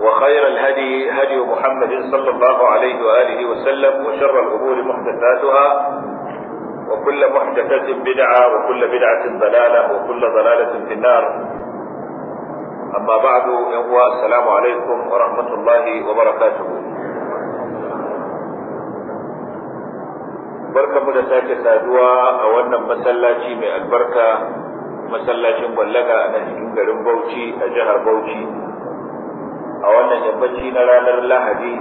وخير الهدي هدي محمد صلى الله عليه وآله وسلم وشر الأمور محدثاتها وكل محدثة بدعة وكل بدعة ضلالة وكل ضلالة في النار أما بعد يهوى السلام عليكم ورحمة الله وبركاته بركة da sake saduwa a wannan masallaci mai البركة مسلة ballaga a nan cikin garin Bauchi a a wannan yammaci na ranar lahadi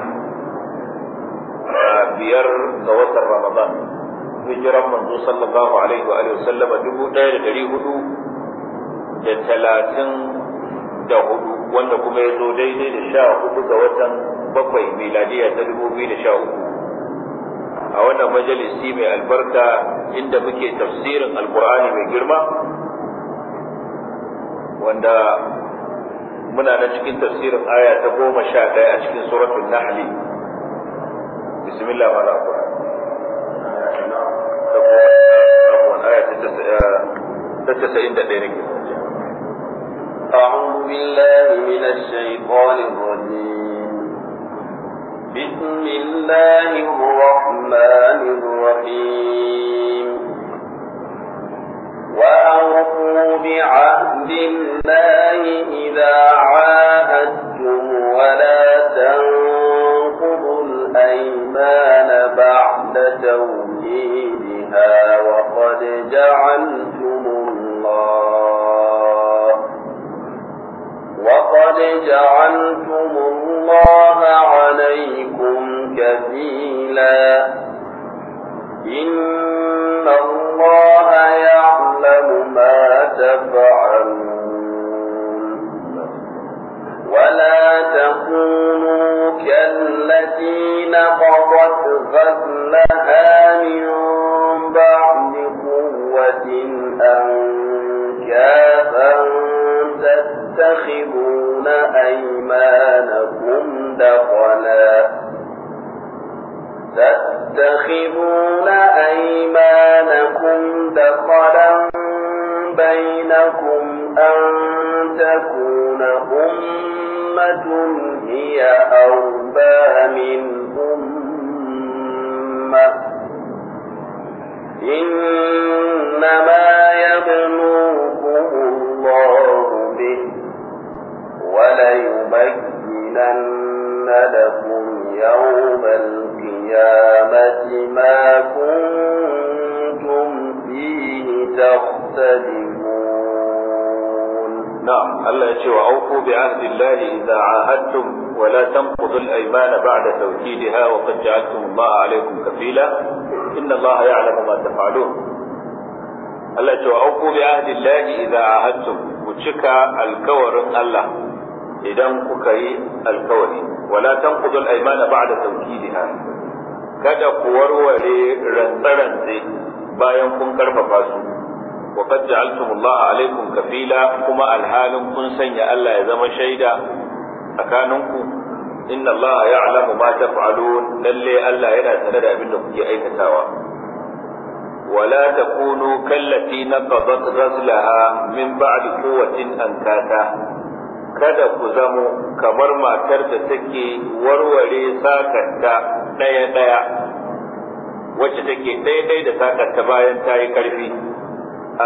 biyar ga watan ramadan hijiran manzo sallallahu alaihi wa sallama dubu ɗaya da ɗari hudu da talatin da hudu wanda kuma ya zo daidai da sha hudu ga watan bakwai miladiya ta dubu biyu da sha uku a wannan majalisi mai albarka inda muke tafsirin alkur'ani mai girma wanda muna nan cikin tafsirin aya ta 11 a cikin suratul nahli bismillah wala kuwa aya ta tasa'in da ɗaya nake أعوذ بالله من الشيطان الرجيم بسم الله الرحمن الرحيم وأوفوا بعهد الله إذا عاهدتم ولا تنقضوا الأيمان بعد توكيدها وقد جعلتم الله عليكم كفيلا إن ولا تكونوا كالتي نقضت من بعد قوة أنكافا تتخذون أيمانكم دخلا تتخذون أيمانكم دخلا بينكم أن تكون أمة هي أربى من أمة إنما يبلوكم الله به وليبينن لكم يوم القيامة ما كنتم فيه نعم الله يتشوى أوفوا بعهد الله إذا عاهدتم ولا تنقضوا الأيمان بعد توكيدها وقد جعلتم الله عليكم كفيلا إن الله يعلم ما تفعلون الله يتشوى أوفوا بعهد الله إذا عاهدتم وشكا الكور الله إذن كي الكور ولا تنقضوا الأيمان بعد توكيدها كذا ku warware rantsaran bayan kun karfafa su wa qad ja'altum Allah alaikum kafila kuma alhalin kun sanya Allah ya zama shaida tsakaninku inna Allah ya'lamu ma taf'alun lalle Allah yana sanar da abin da kuke aikatawa ولا تكونوا كالتي نقضت غزلها من بعد قوة أنكاتا kada ku zamo kamar matar da take warware sakanta ɗaya-ɗaya wacce take daidai da sakar ta bayan ta yi karfi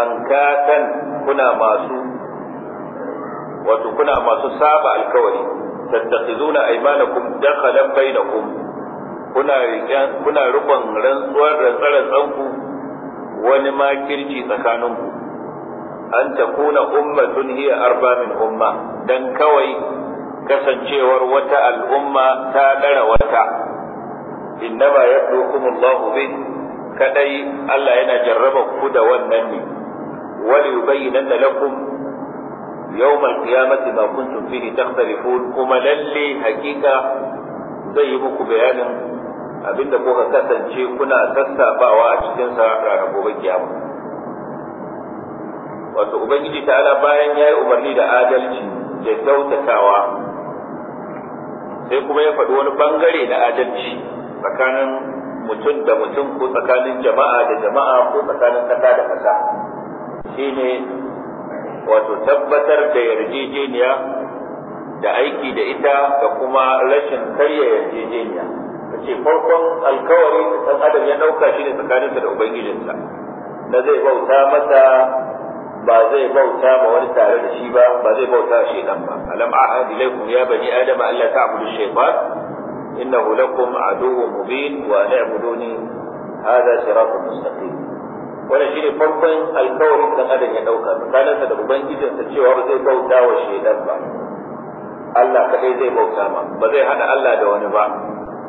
an katan kuna masu wato kuna masu saba alkawari tattakhizuna aymanakum dakhalan bainakum kuna riƙen kuna rubon rantsuwar rantsarantsanku wani makirci tsakaninku an takuna ummatun hiya arba min umma dan kawai kasancewar wata al'umma ta ɗara wata Inna innama yabluukum Allahu bi kadai Allah yana jarraba ku da wannan ne wal da lakum yawm al-qiyamati ma kuntum fihi takhtalifun kuma lalle hakika zai yi muku bayanin abinda kuka kasance kuna sassabawa a cikin sa ranar gobe kiyama wato ubangiji ala bayan yayi umarni da adalci da kyautatawa sai kuma ya faɗi wani bangare na adalci tsakanin mutum da mutum ko tsakanin jama'a da jama'a ko tsakanin kasa da kasa shine wato tabbatar da yarjejeniya da aiki da ita da kuma rashin karya yarjejeniya ta ce farkon alkawari da ɗan adam ya ɗauka shi ne tsakaninsa da ubangijinsa na zai bauta masa ba zai bauta ma wani tare da shi ba ba zai bauta shi nan ba alam a ya bani adam alla ta'budu shaytan إنه لكم عدو مبين وأن اعبدوني هذا صراط مستقيم wannan shine farkon alkawarin da adam ya dauka tsakaninsa da ubangijinsa cewa ba zai bauta wa shaidan ba Allah kadai zai bauta ma ba zai hada Allah da wani ba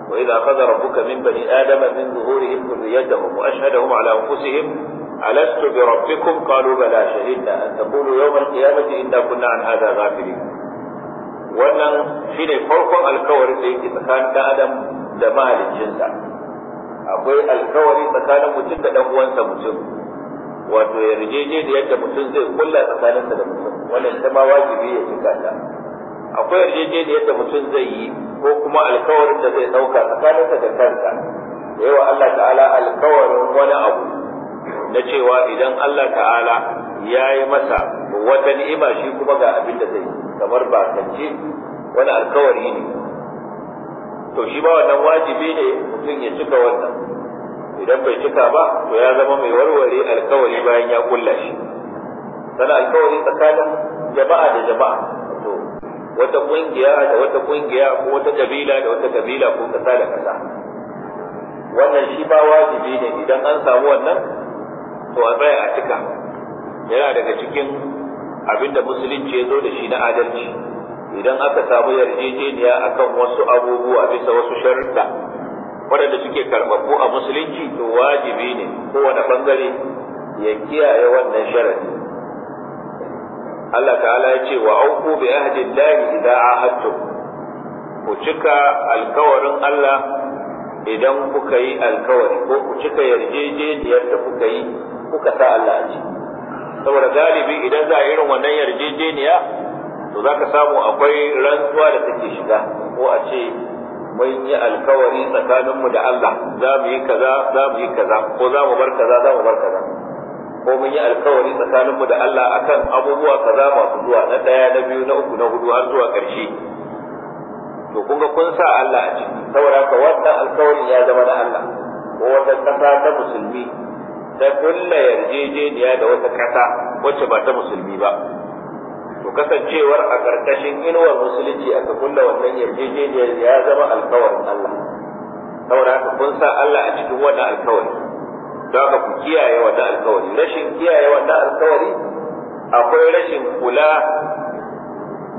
wa idza qadara rabbuka min bani adama min zuhurihim dhurriyyatahum wa ashhadahum ala anfusihim ألست بربكم قالوا بلى شهدنا أن تقولوا يوم القيامة إنا كنا عن هذا غافلين wannan shine farkon alkawarin da yake tsakanin ɗan adam da mahaliccinsa akwai alkawari tsakanin mutum da ɗan uwansa mutum wato yarjeje da yadda mutum zai kulla tsakaninsa da mutum wannan ita ma wajibi ya cika ta akwai yarjeje da yadda mutum zai yi ko kuma alkawarin da zai ɗauka tsakaninsa da kanta da yawa Allah ta'ala alkawarin wani abu na cewa idan Allah ta'ala ya yi masa wata ni'ima shi kuma ga abin da zai kamar ba kance wani alkawari ne to shi ba wannan wajibi ne mutum ya cika wannan idan bai cika ba to ya zama mai warware alkawari bayan ya kulla shi sana alkawari tsakanin jama'a da jama'a to wata kungiya da wata kungiya ko wata kabila da wata kabila ko kasa da kasa wannan shi ba wajibi ne idan an samu wannan to a tsaya a cika yana daga cikin abinda musulunci ya zo da shi na adalci idan aka samu yarjejeniya akan wasu abubuwa bisa wasu sharuɗa waɗanda suke karɓaɓɓu a musulunci to wajibi ne kowane ɓangare ya kiyaye wannan sharadi Allah ta'ala ya ce wa auku bi ahdillahi idza ahadtu ku cika alkawarin Allah idan kuka yi alkawari ko ku cika yarjejeniyar da kuka yi kuka sa Allah a ciki saboda galibi idan za a irin wannan yarjejeniya to za ka samu akwai rantsuwa da take shiga ko a ce mun yi alkawari tsakaninmu da Allah za mu yi kaza za mu yi kaza ko za mu bar kaza za mu bar kaza ko mun yi alkawari tsakaninmu da Allah akan abubuwa kaza masu zuwa na ɗaya na biyu na uku na hudu har zuwa ƙarshe to kun ga kun sa Allah a ciki saboda ka wannan alkawarin ya zama na Allah ko wata ƙasa ta musulmi da kulla yarjejeniya da wata ƙasa wacce ba ta musulmi ba to kasancewar a ƙarƙashin inuwar musulunci aka kulla wannan yarjejeniyar ya zama alkawarin Allah saboda haka kun sa Allah a cikin wannan alkawari don haka ku kiyaye wannan alkawari rashin kiyaye wannan alkawari akwai rashin kula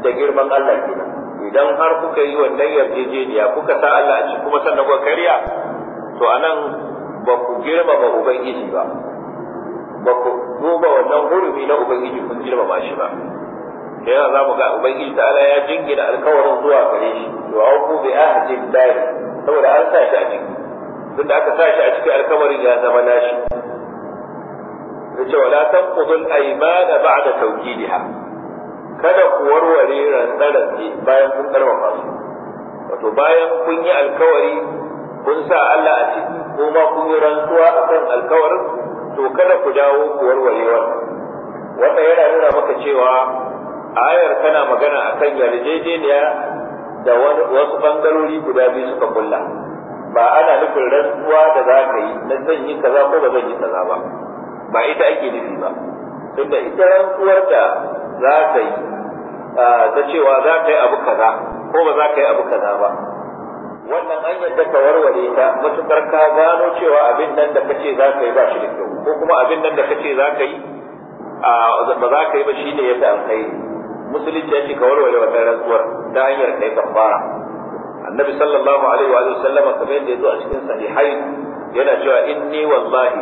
da girman Allah kenan idan har kuka yi wannan yarjejeniya kuka sa Allah a cikin kuma sannan kuka karya to anan ba ku girmama ubangiji ba ba ku duba wannan hurumi na ubangiji kun girmama shi ba yana za mu ga ubangiji ta'ala ya jingina alkawarin zuwa gare shi to a ku bi ahdin dai saboda an sa shi a ciki tun da aka sa shi a ciki, alkawarin ya zama nashi yace wala da aymana da tawkidiha kada ku warware rantsarantsi bayan kun karfafa su wato bayan kun yi alkawari kun sa Allah a ciki ko ba kun yi rantsuwa a kan alkawarin to kada ku dawo ku warware wannan wanda yana nuna maka cewa ayar tana magana a akan yarjejeniya da wasu bangarori guda biyu suka kulla ba ana nufin rantsuwa da za ka yi na zan yi kaza ko ba zan yi kaza ba ba ita ake nufi ba tunda ita rantsuwar da za ka yi ah, ta cewa za ka yi abu kaza ko ba za ka yi abu kaza ba wannan hanyar da ka warware ta matukar ka gano cewa abin nan da kace za ka yi ba shi da kyau ko kuma abin nan da kace za ka yi ba za ka yi ba shi ne ya fi alkhairi musulunci ya ce ka warware wannan rantsuwar ta hanyar kai kafara annabi sallallahu alaihi wa sallam kamar yadda ya zo a cikin sahihai yana cewa inni wallahi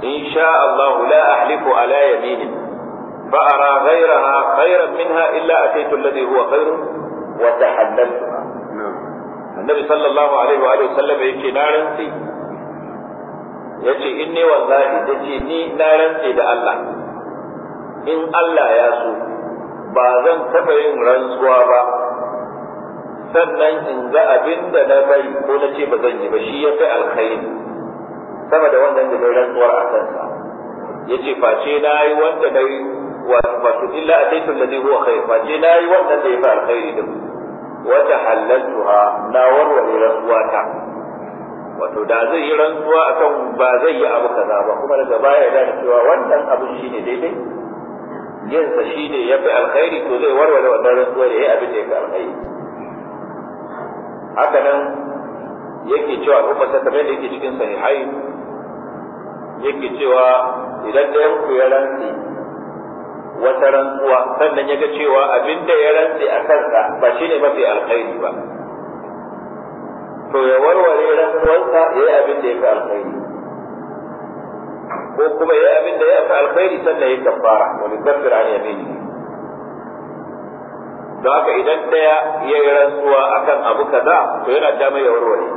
in sha Allah la ahlifu ala yamin fa ara ghayraha khayran minha illa ataitu alladhi huwa khayrun wa tahallaltu annabi sallallahu alaihi wa alihi sallama yake na rantsi yace inni wallahi dace ni na rantsi da Allah in Allah ya so ba zan taɓa yin rantsuwa ba sannan in ga abin da na bari ko na ce ba zan yi ba shi ya fi alkhairi sama da wannan da zai rantsuwar a kansa ya ce face na yi wanda na yi wato illa a taitun da zai huwa kai face na yi wannan da ya fi alkhairi da mu. wata halaltuha na warware rantsuwata wato da zai yi rantsuwa akan ba zai yi abu kaza ba kuma daga baya ya gane cewa wannan abu ne daidai shi ne ya fi alkhairi to zai warware wannan rantsuwa da ya abin da fi alkhairi haka nan yake cewa al'umma ta kamar yake cikin sahihai yake cewa idan ɗayan ku ya rantsi wata rantsuwa sannan ya ga cewa abin da ya rantse a kansa ba shi ne mafi alkhairi ba to ya warware rantsuwarsa ya yi abin da ya fi alkhairi ko kuma ya yi abin da ya fi alkhairi sannan ya kafara wani kafir an yamini don haka idan ɗaya ya yi rantsuwa akan abu kaza to yana dama ya warware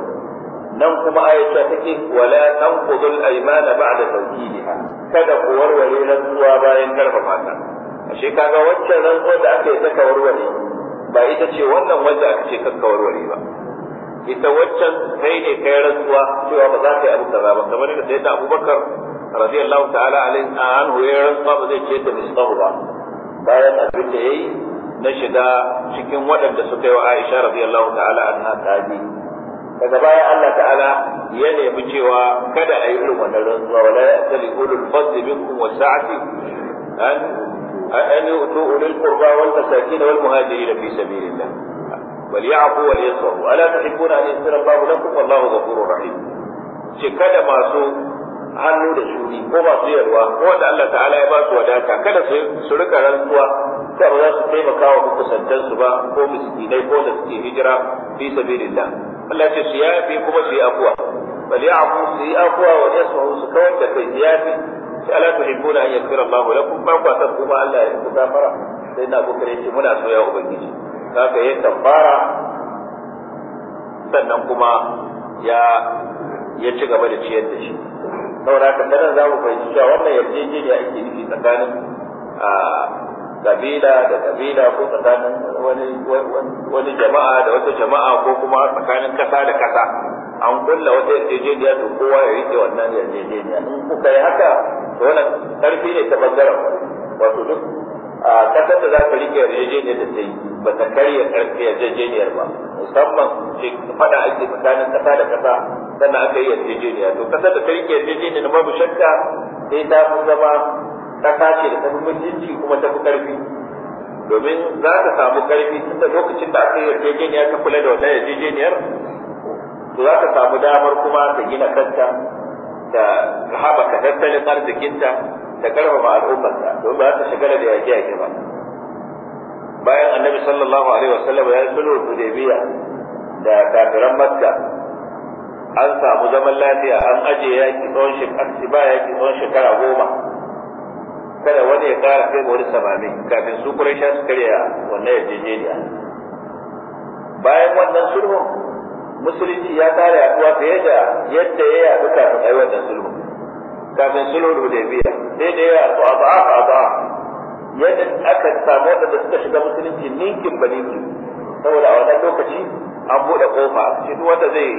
nan kuma aisha take wala tanqudul aymana ba'da tawkidiha kada ku warware rantsuwa bayan karfafa ta ashe kaga wancan rantsuwar da aka yi ta kawarware ba ita ce wannan wanda aka ce kan kawarware ba ita waccan kai ne kai rantsuwa cewa ba za ka yi abin kaza ba kamar yadda sai da abubakar radiyallahu ta'ala anhu ya rantsuwa ba zai ce da mislahu ba bayan abin da yi na shiga cikin waɗanda suka yi wa Aisha radiyallahu ta'ala anha tsaji daga baya Allah ta'ala ya nemi cewa kada a yi irin wannan rantsuwa wala ya asali ulul fadli minkum wa sa'ati an أن يؤتوا أولي القربى والمساكين والمهاجرين في سبيل الله وليعفوا وليصفحوا ألا تحبون أن يغفر الله لكم والله غفور رحيم شكد ما سوء hannu da shuri ko ba su yarwa ko wanda Allah ta'ala ya ba su wadata kada su su rika rantsuwa ta ba za su taimaka wa su ba ko miskinai ko da suke hijira fi sabilillah Allah ya ce su yafi kuma su yi afuwa bal ya'fu su yi afuwa wa yasfahu su kawar da kai yafi ala tuhibbuna an yaghfira Allahu lakum ba ku san kuma Allah ya ku gafara sai na Abubakar yake muna so ya Za ka yi tabbara sannan kuma ya ci gaba da ciyar da shi saboda haka nan za mu fahimci cewa wannan yarjejeniya ake nufi tsakanin kabila da kabila ko tsakanin wani jama'a da wata jama'a ko kuma tsakanin kasa da kasa an kulla wata yarjejeniya to kowa ya rike wannan yarjejeniya in kuka yi haka to wannan karfi ne ta bangaren wato duk a kasar da za ka rike yarjejeniyar da ta yi ba ta karya karfi yarjejeniyar ba musamman shi faɗa ake tsakanin kasa da kasa sannan aka yi yarjejeniya to kasar da ta rike yarjejeniyar babu shakka sai ta fi zama kasa ce da ta fi mutunci kuma ta fi karfi domin za ka samu karfi tun da lokacin da aka yi yarjejeniya ta kula da wannan yarjejeniyar to za ka samu damar kuma ka gina kanta da haɓaka tattalin arzikinta da karfafa al'ummarta don ba ta shagala da yaƙi yaƙi ba bayan annabi sallallahu alaihi wasallam ya sulhu hudaybiya da kafiran makka an samu zaman lafiya an aje yaƙi tsawon shekara ba yaƙi tsawon shekara goma kada wani ya ƙara kai wani samami kafin su kurai sha su karya wannan yarjejeniya bayan wannan sulhun musulunci ya kare yaduwa fiye da yadda ya yadu kafin ai wannan sulhu kafin sulhu hudaybiya sai da ya yadu a ba'a a ba'a yadda aka samu wadanda suka shiga musulunci ninkin ba ninkin saboda a wannan lokaci an buɗe kofa shi duk wanda zai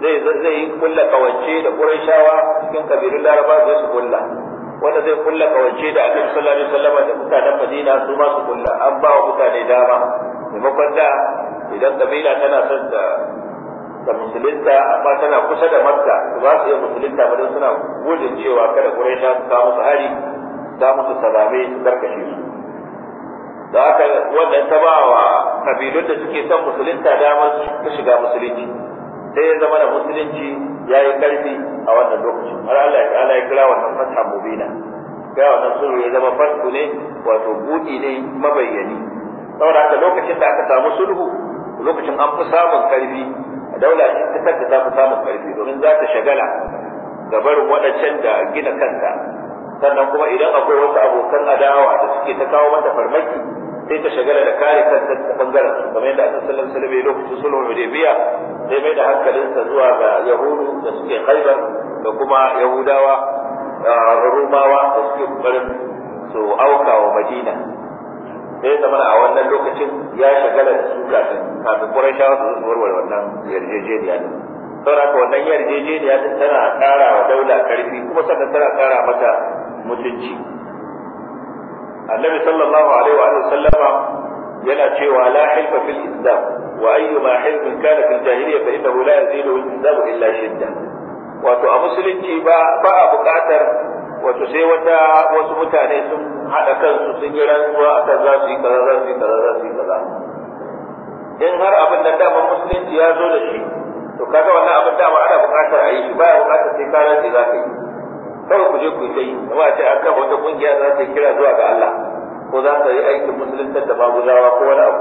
zai zai kulla kawance da shawa cikin kabilun laraba zai su kulla wanda zai kulla kawance da annabi sallallahu alaihi wasallam da mutanen madina su ma su kulla an ba wa mutane dama maimakon da idan kabila tana son da da musulunta amma tana kusa da makka su ba su iya musulunta ba don suna gudun cewa kada quraisha su kawo musu hari za musu salame su karkashe su da aka wannan ta ba wa kabilun da suke son musulunta damar su shiga musulunci sai ya zama da musulunci ya yi karfi a wannan lokacin har Allah ya ta'ala ya kira wannan fatha mubina ga wannan sulhu ya zama fasu ne wato buɗi ne mabayyani saboda haka lokacin da aka samu sulhu lokacin an fi samun karfi daula ce ta kanta za ta samu karfi domin za ta shagala ga barin waɗancan da gina kanta sannan kuma idan akwai wasu abokan adawa da suke ta kawo mata farmaki sai ta shagala da kare kanta ta bangaren su kamar yadda annabi sallallahu alaihi lokacin sulhul hudaybiya sai mai da hankalinsa zuwa ga yahudu da suke khaibar da kuma yahudawa rumawa da suke kokarin su auka wa madina sai zama a wannan lokacin ya shagala da su kafin kafin ƙuraishawa su zuwa warware wannan yarjejeniya ne sauraka wannan yarjejeniya din tana ƙara wa daula karfi kuma sannan tana ƙara mata mutunci annabi sallallahu alaihi wa sallama yana cewa la hilfa fil islam wa ayyuma hilfin kana fil jahiliya fa innahu la yazidu al islam illa shidda wato a musulunci ba ba a buƙatar wato sai wata wasu mutane sun haɗa kansu sun yi rantsuwa a kan za su yi kaza za su yi kaza za su yi kaza in har abin da dama musulunci ya zo da shi to kaga wannan abin dama ana buƙatar a yi shi baya buƙatar sai ka rantsi za ka yi kawai ku je ku yi ta yi, kuma a ce an kan wata ƙungiya za ta kira zuwa ga Allah ko za ta yi aikin musulunta da maguzawa ko wani abu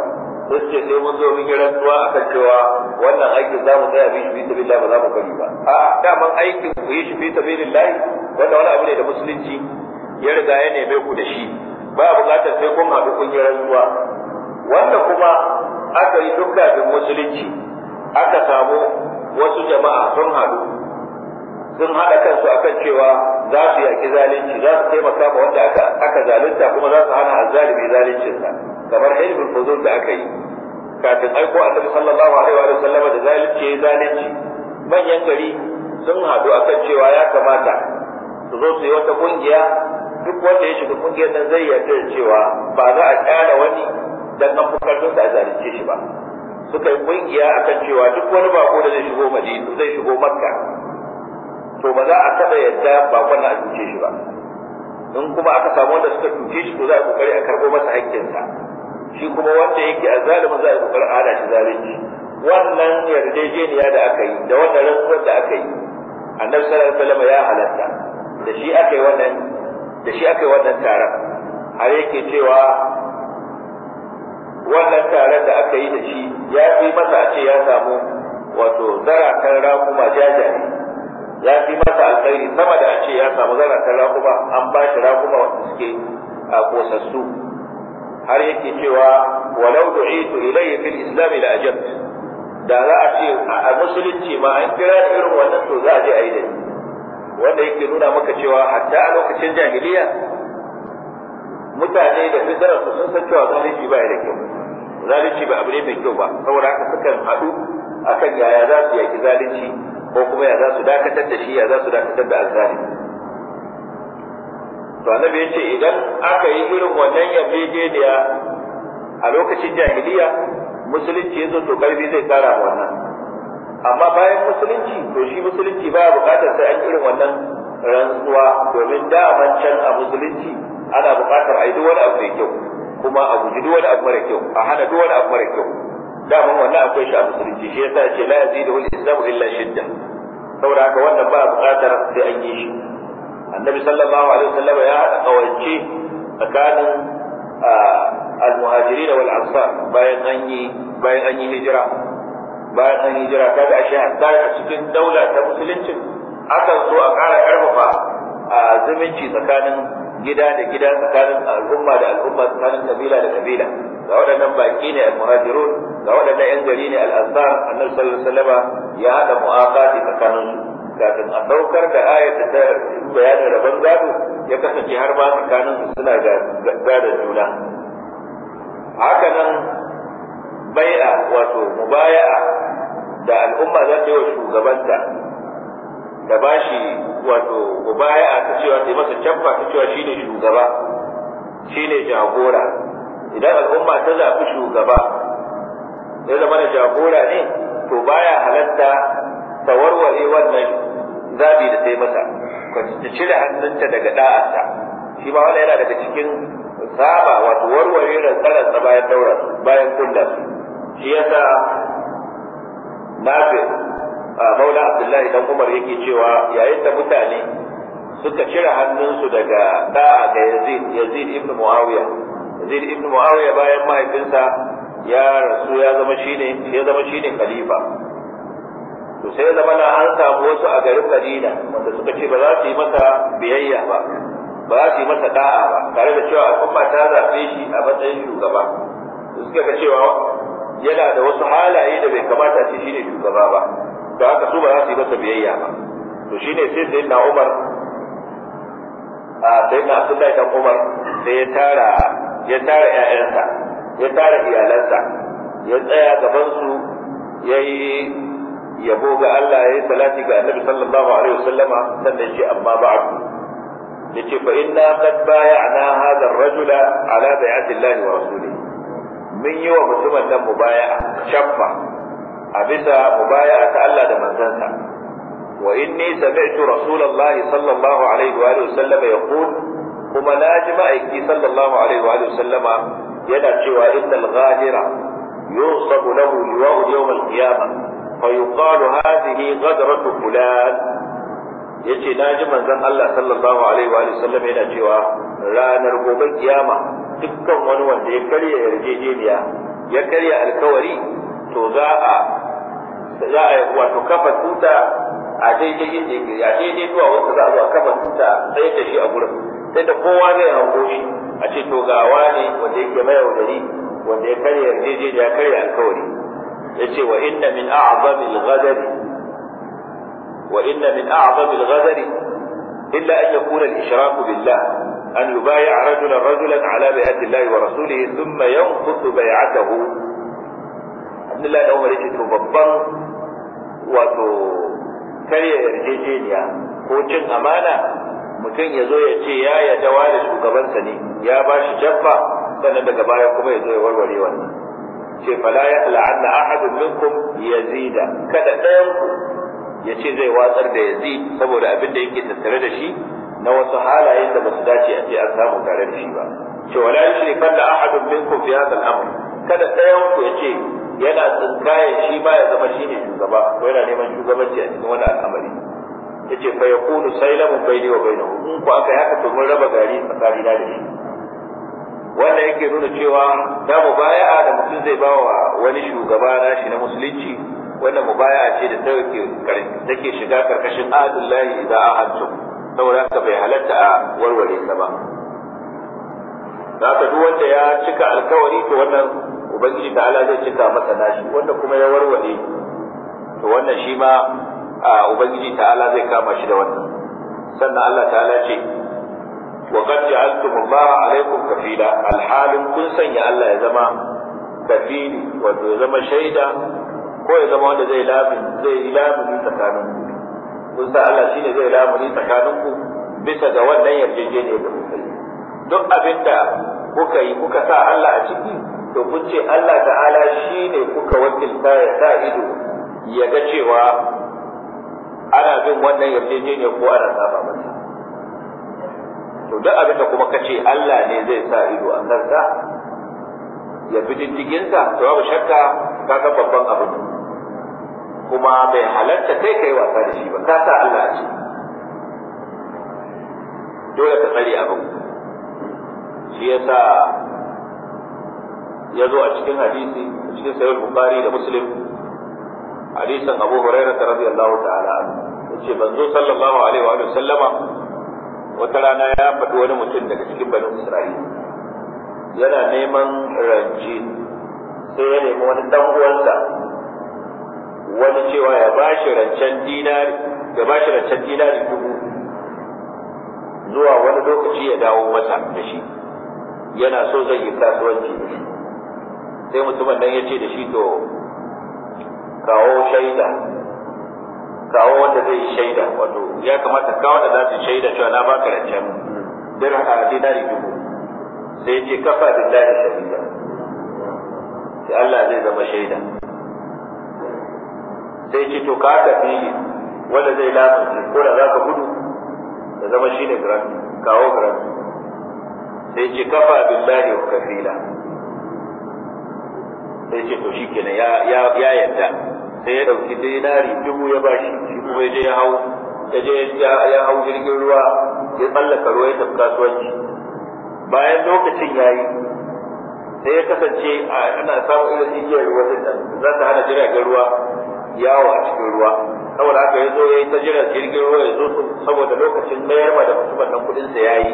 sai su ce sai mun zo mun yi rantsuwa a kan cewa wannan aikin za mu tsaya bi shi bi ta bi ba za mu bari ba a'a daman aikin ku yi shi bi ta bi wanda wani abu ne da musulunci ya riga ya neme ku da shi ba buƙatar sai kun haɗu kun yi rantsuwa wanda kuma aka yi duk kafin musulunci aka samu wasu jama'a sun haɗu sun haɗa kansu akan cewa za su yaƙi zalunci za su taimaka ma wanda aka zalunta kuma za su hana azzalimi zaluncinsa kamar ilmin fuzul da aka yi kafin aiko annabi sallallahu alaihi wa sallama da zalunci ya zalunci manyan gari sun haɗu akan cewa ya kamata su zo su yi wata kungiya duk wanda ya shiga kungiyar nan zai yarda da cewa ba za a kyara wani dan an bukatun a zalunce shi ba suka yi kungiya akan cewa duk wani bako da zai shigo madina zai shigo makka to ba za a taɓa yadda bakon na a cuce shi ba in kuma aka samu wanda suka tuce shi to za a kokari a karɓo masa haƙƙinsa shi kuma wanda yake a zalimin za a kokari a hada shi zalunci wannan yarjejeniya da aka yi da wannan rantsuwar da aka yi annabi sallallahu alaihi wasallam ya halatta da shi aka yi wannan da shi wannan taron har yake cewa wannan taron da aka yi da shi ya fi masa a ce ya samu wato zaratan raƙuma jajaye ya fi masa alkhairi sama da a ce ya samu zaratan raƙuma an ba shi raƙuma wanda suke a kosassu har yake cewa walau du'itu ilayhi fil islam la ajab da za a ce a musulunci ma an kira irin wannan to za a je wanda yake nuna maka cewa hatta a lokacin jahiliya mutane da su sun san cewa zalunci ba ya da kyau zalunci ba abu ne mai kyau ba saboda haka sukan haɗu akan yaya za su yaki zalunci ko kuma ya za su dakatar da shi ya za su dakatar da azzalimi to annabi yace idan aka yi irin wannan yarjejeniya a lokacin jahiliya musulunci ya zo to karfi zai tsara wannan amma bayan musulunci to shi musulunci ba bukatar sai an irin wannan rantsuwa domin da a can a musulunci ana bukatar a yi duwani abu mai kyau kuma a guji duwani abu mara kyau a hana duwani abu mara kyau daman wannan akwai shi a musulunci shi yasa ce la yazidu wal islamu illa shidda saboda haka wannan ba a bukatar sai an yi shi annabi sallallahu alaihi wasallam ya haɗa kawance tsakanin ah, al-muhajirin wal ansar bayan an yi bayan an yi hijira bayan an yi jira kaga ashe hatta a cikin daula ta musulunci akan so a ƙara ƙarfafa a zumunci tsakanin gida da gida tsakanin al'umma da al'umma tsakanin kabila da kabila ga waɗannan baƙi ne al-muhajirun ga waɗannan 'yan gari ne al-ansar annabi sallallahu alaihi wasallam ya haɗa mu'aqati tsakanin kafin a daukar da ayar da ta bayanin rabon gado ya kasance har ba tsakanin su suna gadon juna haka nan bai'a wato mubaya'a da al'umma za ta yi wa shugabanta da ba shi wato mubaya'a ta cewa ta yi masa camfa ta cewa shi ne shugaba shi ne jagora idan al'umma ta zaɓi shugaba ya zama da jagora ne to baya halatta ta warware wannan zabi da ta yi masa ta cire hannunta daga da'arta shi ma wanda yana daga cikin saba wato warware rantsarar bayan daura bayan kullum yasa nafi a maula abdullahi dan umar yake cewa yayin da mutane suka cire hannunsu daga da'a ga yazid yazid ibn muawiya yazid ibn muawiya bayan mahaifinsa ya rasu ya zama shine ya zama shine khalifa to sai zama na an samu wasu a garin madina wanda suka ce ba za su yi masa biyayya ba ba za su yi masa da'a ba tare da cewa al'umma ta zaɓe shi a matsayin shugaba suka ga cewa yana da wasu halaye da bai kamata ce shine shugaba ba da haka su ba za su yi masa biyayya ba to shine sai sai na Umar a sai na Abdullahi dan Umar sai ya tara ya tara ƴaƴansa ya tara iyalansa ya tsaya gaban su yayi yabo ga Allah yayi salati ga Annabi sallallahu alaihi wasallama sannan shi amma ba'du yace fa inna qad bay'ana hadha ar-rajula ala bay'ati Allah wa rasulihi mun yi wa mutumin nan mubaya'a shaffa a bisa mubaya'a ta Allah da manzansa wa inni sami'tu rasulullahi sallallahu alaihi wa sallama yaqul kuma na ji ma'aiki sallallahu alaihi wa sallama yana cewa inna innal ghadira yunsabu lahu liwa'u yawm al-qiyamah fa yuqalu hadhihi ghadratu fulan yace na ji manzon Allah sallallahu alaihi wa sallam yana cewa ranar gobe kiyama dukkan wani wanda ya karya yarjejeniya ya karya alkawari to za a za a wato kafa tuta a daidai inda yake a daidai zuwa wanda za a zo a kafa tuta sai da shi a gurin sai da kowa zai hango shi a ce to ga wani wanda yake mai yaudari wanda ya karya yarjejeniya ya karya alkawari ya ce wa inna min a'zamil ghadari wa inna min a'zamil ghadari illa an yakuna al-ishraku billah أن يبايع رجلا رجلا على بيعة الله ورسوله ثم ينقض بيعته عبد الله الأول يجي تببر wato karya yarjejeniya ko cin amana mutum ya zo ya ce ya yadda ware shugabansa ne ya ba shi jabba sannan daga baya kuma ya zo ya warware wannan ce fala ya la'anna ahadun minkum yazida kada ɗayan ku ya ce zai watsar da yazid saboda abin da yake tattare da shi na wasu halayen da ba su dace a ce an samu tare da shi ba ce wala yushrikan da ahadun minkum fi hadha al-amr kada ɗayan ku ya ce yana tsinkaye shi ba ya zama shine shugaba ko yana neman shugabanci a cikin wani al'amari yace fa yakunu saylamun baini wa bainahu in ku aka haka to mun raba gari tsakanina da shi wanda yake nuna cewa da mubaya'a da mutum zai bawa wani shugaba nashi na musulunci wanda mubaya'a ce da take take shiga karkashin adullahi idza ahadtum saboda haka bai halatta a warware sa ba haka duk wanda ya cika alkawari to wannan ubangiji da ala zai cika masa nashi wanda kuma ya warware to wannan shi ma a ubangiji ta ala zai kama shi da wannan sannan Allah ta ala ce wa qad ja'altum Allah alaikum kafila alhalin kun sanya Allah ya zama kafili wato ya zama shaida ko ya zama wanda zai labin zai labin tsakanin kun san Allah shine zai lamuri tsakanin ku bisa ga wannan yarjejeniyar da kuka yi duk da kuka yi kuka sa Allah a ciki to kun ce Allah ta'ala shine kuka wakilta ya sa ido ya ga cewa ana bin wannan yarjejeniyar ko ana saba masa to duk da kuma ka ce Allah ne zai sa ido a kansa ya fi diddiginsa to babu shakka ka ga babban abu kuma bai halarta kai kai wasa da shi ba ka sa Allah a ce dole ka tsari abin shi yasa ya zo a cikin hadisi cikin sahih bukhari da muslim hadisin abu hurairah radiyallahu ta'ala anhu yace banzo sallallahu alaihi wa sallama wata rana ya faɗi wani mutum daga cikin banin isra'ila yana neman rance sai ya nemi wani dan uwansa wani cewa ya ba shi rancen dinari ya ba shi rancen dinari dubu zuwa wani lokaci ya dawo masa da shi yana so zai yi kasuwanci sai mutumin nan ya ce da shi to kawo shaida kawo wanda zai yi shaida wato ya kamata kawo da za su shaida cewa na baka rancen dinari dubu sai ya ce kafa billahi shahida sai Allah zai zama shaida sai ce to ka tafi wanda zai lamunce ko da za ka gudu da zama shi ne grand kawo grand sai ce kafa billahi wa kafila sai ce to shi kenan ya yadda sai ya ɗauki dinari dubu ya bashi shi kuma ya ya hau ya je ya hau jirgin ruwa ya tsallaka ruwa ya tafi kasuwanci bayan lokacin ya yi sai ya kasance ana samun irin igiyar ruwa za ta hana jiragen ruwa yawo a cikin ruwa saboda haka ya zo ya yi ta jiran jirgin ruwa ya zo saboda lokacin mayar ma da mutum nan kudin sa ya yi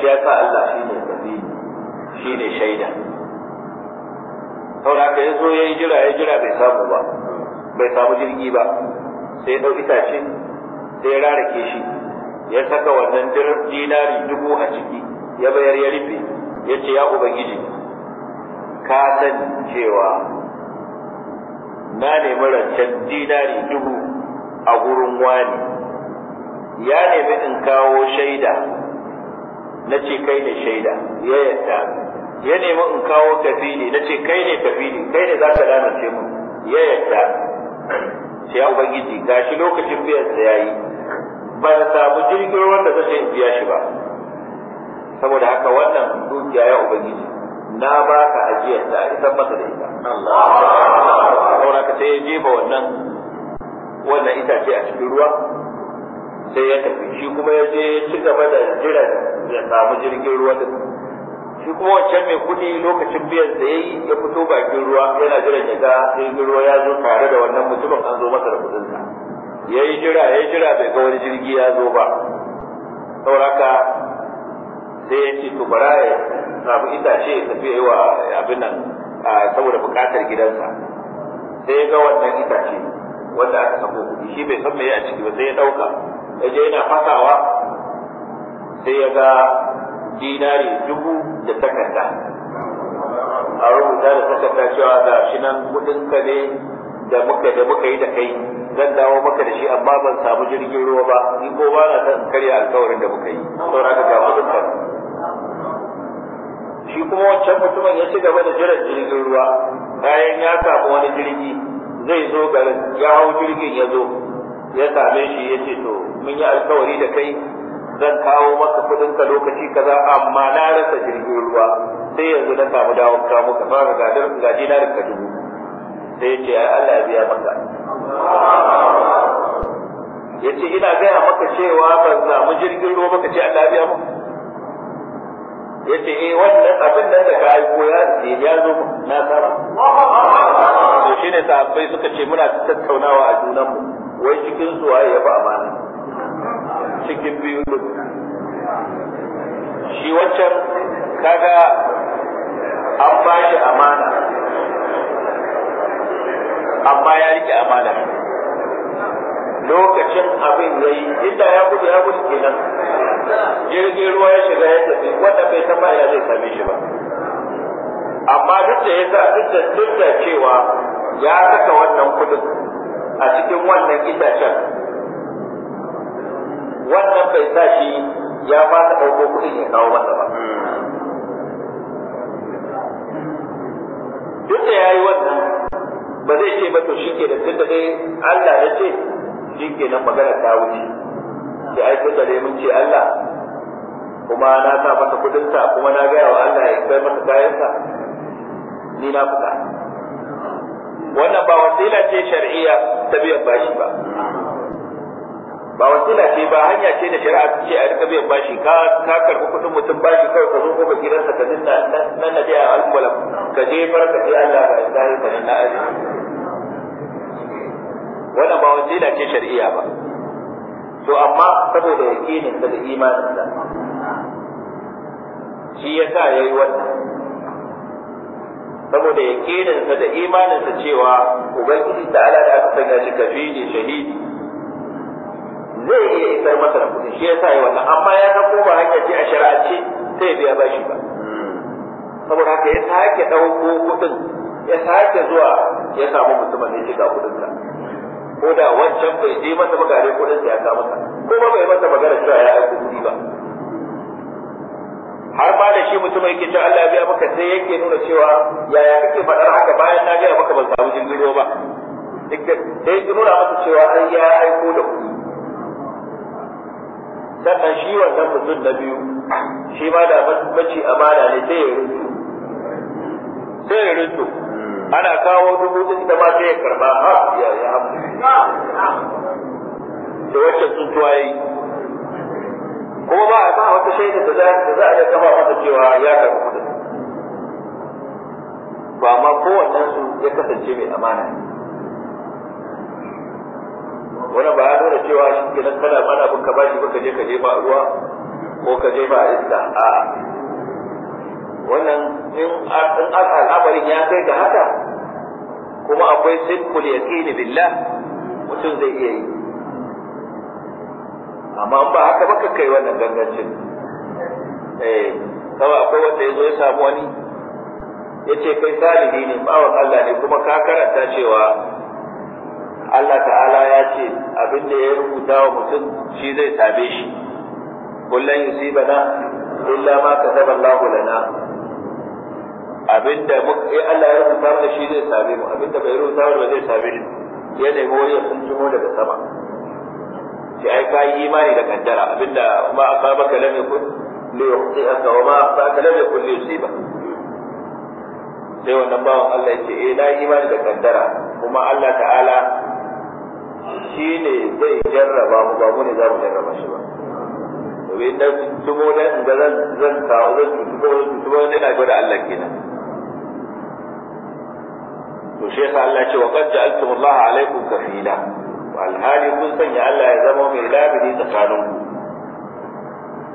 shi ya sa Allah shi ne sabi shi ne shaida saboda haka ya zo ya yi jira ya jira bai samu ba bai samu jirgi ba sai ɗau itace sai ya rarake shi ya saka wannan dinari dubu a ciki ya bayar ya rufe ya ce ya ubangiji ka san cewa na nemi rancen dinari dubu a gurin wani ya nemi in kawo shaida na ce kai ne shaida ya yadda ya nemi in kawo kafili na ce kai ne kafili kai ne za ka lalace mu ya yadda sai ya ubangiji gashi lokacin biyan da yayi ba na samu jirgin wanda zai biya shi ba saboda haka wannan dukiya ya ubangiji na ba ka ajiya da isan masa da ita saboda ka sai ya jefa wannan wannan itace a cikin ruwa sai ya tafi shi kuma ya je ci gaba da jiran ya samu jirgin ruwa din shi kuma wancan mai kuɗi lokacin biyan da ya yi ya fito bakin ruwa yana jiran ya ga jirgin ruwa ya zo tare da wannan mutumin an zo masa da sa ya yi jira ya yi jira bai ga wani jirgi ya zo ba saboda sai ya ce to bara ya samu itace ya tafi yi wa abin nan saboda bukatar gidansa sai ya ga wannan itace wanda aka sako kuɗi shi bai san me a ciki ba sai ya ɗauka ya je yana fasawa sai ya ga dinari dubu da takarda a rubuta da takarda cewa ga shi nan kuɗinka ne da muka da muka yi da kai zan dawo maka da shi amma ban samu jirgin ruwa ba ni ko ba na san karya alkawarin da muka yi saboda ga kudin shi kuma wancan mutumin ya ci gaba da jiran jirgin ruwa bayan ya samu wani jirgi zai zo garin ya hau jirgin ya zo ya same shi ya ce to mun yi alkawari da kai zan kawo maka kudin ka lokaci kaza amma na rasa jirgin ruwa sai yanzu na samu dawon kamu ka fara gadar gaji na ka dubu sai ya ce ai Allah ya biya maka ya ce ina gaya maka cewa ban samu jirgin ruwa baka ce Allah ya biya maka yace eh wannan abin da ka aiko ya ya zo na saba ne shine sahabbai suka ce muna tattaunawa a junan mu wai cikin su waye ya ba amana cikin biyu shi waccan kaga an ba shi amana amma ya rike amana lokacin abin yi inda ya gudu ya gudu kenan jirgin ruwa ya shiga ya tafi wanda bai taba ya zai same shi ba amma duk da sa duk da duk da cewa ya saka wannan kudin a cikin wannan itacen wannan bai sa shi ya ba ta ɗauko kudin ya kawo masa ba duk da ya yi wannan ba zai ce ba to shi ke da tun da dai Allah ya ce kenan magana ta wuce sai ai tunda dai mun ce Allah kuma na sa masa kudin sa kuma na gaya wa Allah ya kai masa kayan sa ni na fita wannan ba wasila ce shar'iyya ta biyan bashi ba ba wasila ce ba hanya ce da shari'a ta ce a rika biyan bashi ka ka karbi kudin mutum bashi kawai ka zo ko ka gidansa ka dinna nan na je a alkulam ka je farka sai Allah ba ya zai sanin na aji wannan ba wasila ce shar'iyya ba to amma saboda yaqinin da imanin sa shi yasa yayi wannan saboda yaqinin sa da imanin sa cewa ubangiji ta'ala da aka sanya shi ne shahidi zai iya isar masa da kudi shi ya yasa yayi wannan amma ya ga ko ba hanya ce a shari'ance sai biya bashi ba saboda haka ya sake dauko kudin ya sake zuwa ya samu mutumin ne shiga kudin ka ko da wancan bai je masa magare ko da ya ka masa kuma bai masa magana cewa ya aiko kudi ba har ma da shi mutum yake cewa Allah ya biya maka sai yake nuna cewa yaya kake faɗar haka bayan na biya maka ban samu jirgin ruwa ba sai ya nuna masa cewa an ya aiko da kudi sannan shi wannan mutum na biyu shi ma da mace amana ne sai ya rinto sai ya rinto ana kawo dubu ɗin da ma sai ya karba ha ya ya to da wacce tsuntuwa yi kuma ba a ba wata shaida da za a ga kafa masa cewa ya karbi Ba ma ko wannan su ya kasance mai amana wani ba ya nuna cewa shi ke nan kana mana abin ka ba shi ka je ka je ba ruwa ko ka je ba iska a wannan in al'amarin ya kai ga haka kuma akwai sidqul yaqini billah mutum zai iya yi amma ba haka baka kai wannan gangancin eh kawai akwai wanda yazo ya samu wani yace kai salihi ne bawan Allah ne kuma ka karanta cewa Allah ta'ala ya ce abin da ya rubuta wa mutum shi zai tabe shi kullun yusibana illa ma kataba Allah lana abinda muka eh, Allah ya rubuta da shi zai same mu abinda bai rubuta ba zai same ni ya nemi wani sun jimo daga sama sai ai kai yi imani da kaddara abinda ma asabaka lam yakun li aka wa ma asaka lam yakun li yusiba sai wannan bawan Allah ya ce eh na yi imani da kaddara kuma Allah ta'ala shi ne zai jarraba mu ba mu ne za mu jarraba shi ba domin na tumo da zan zan kawo zan tumo zan tumo ne na Allah kenan to shi Allah ce wa qad ja'altumullaha alaikum kafila alhali kun sanya Allah ya zama mai labiri tsakanin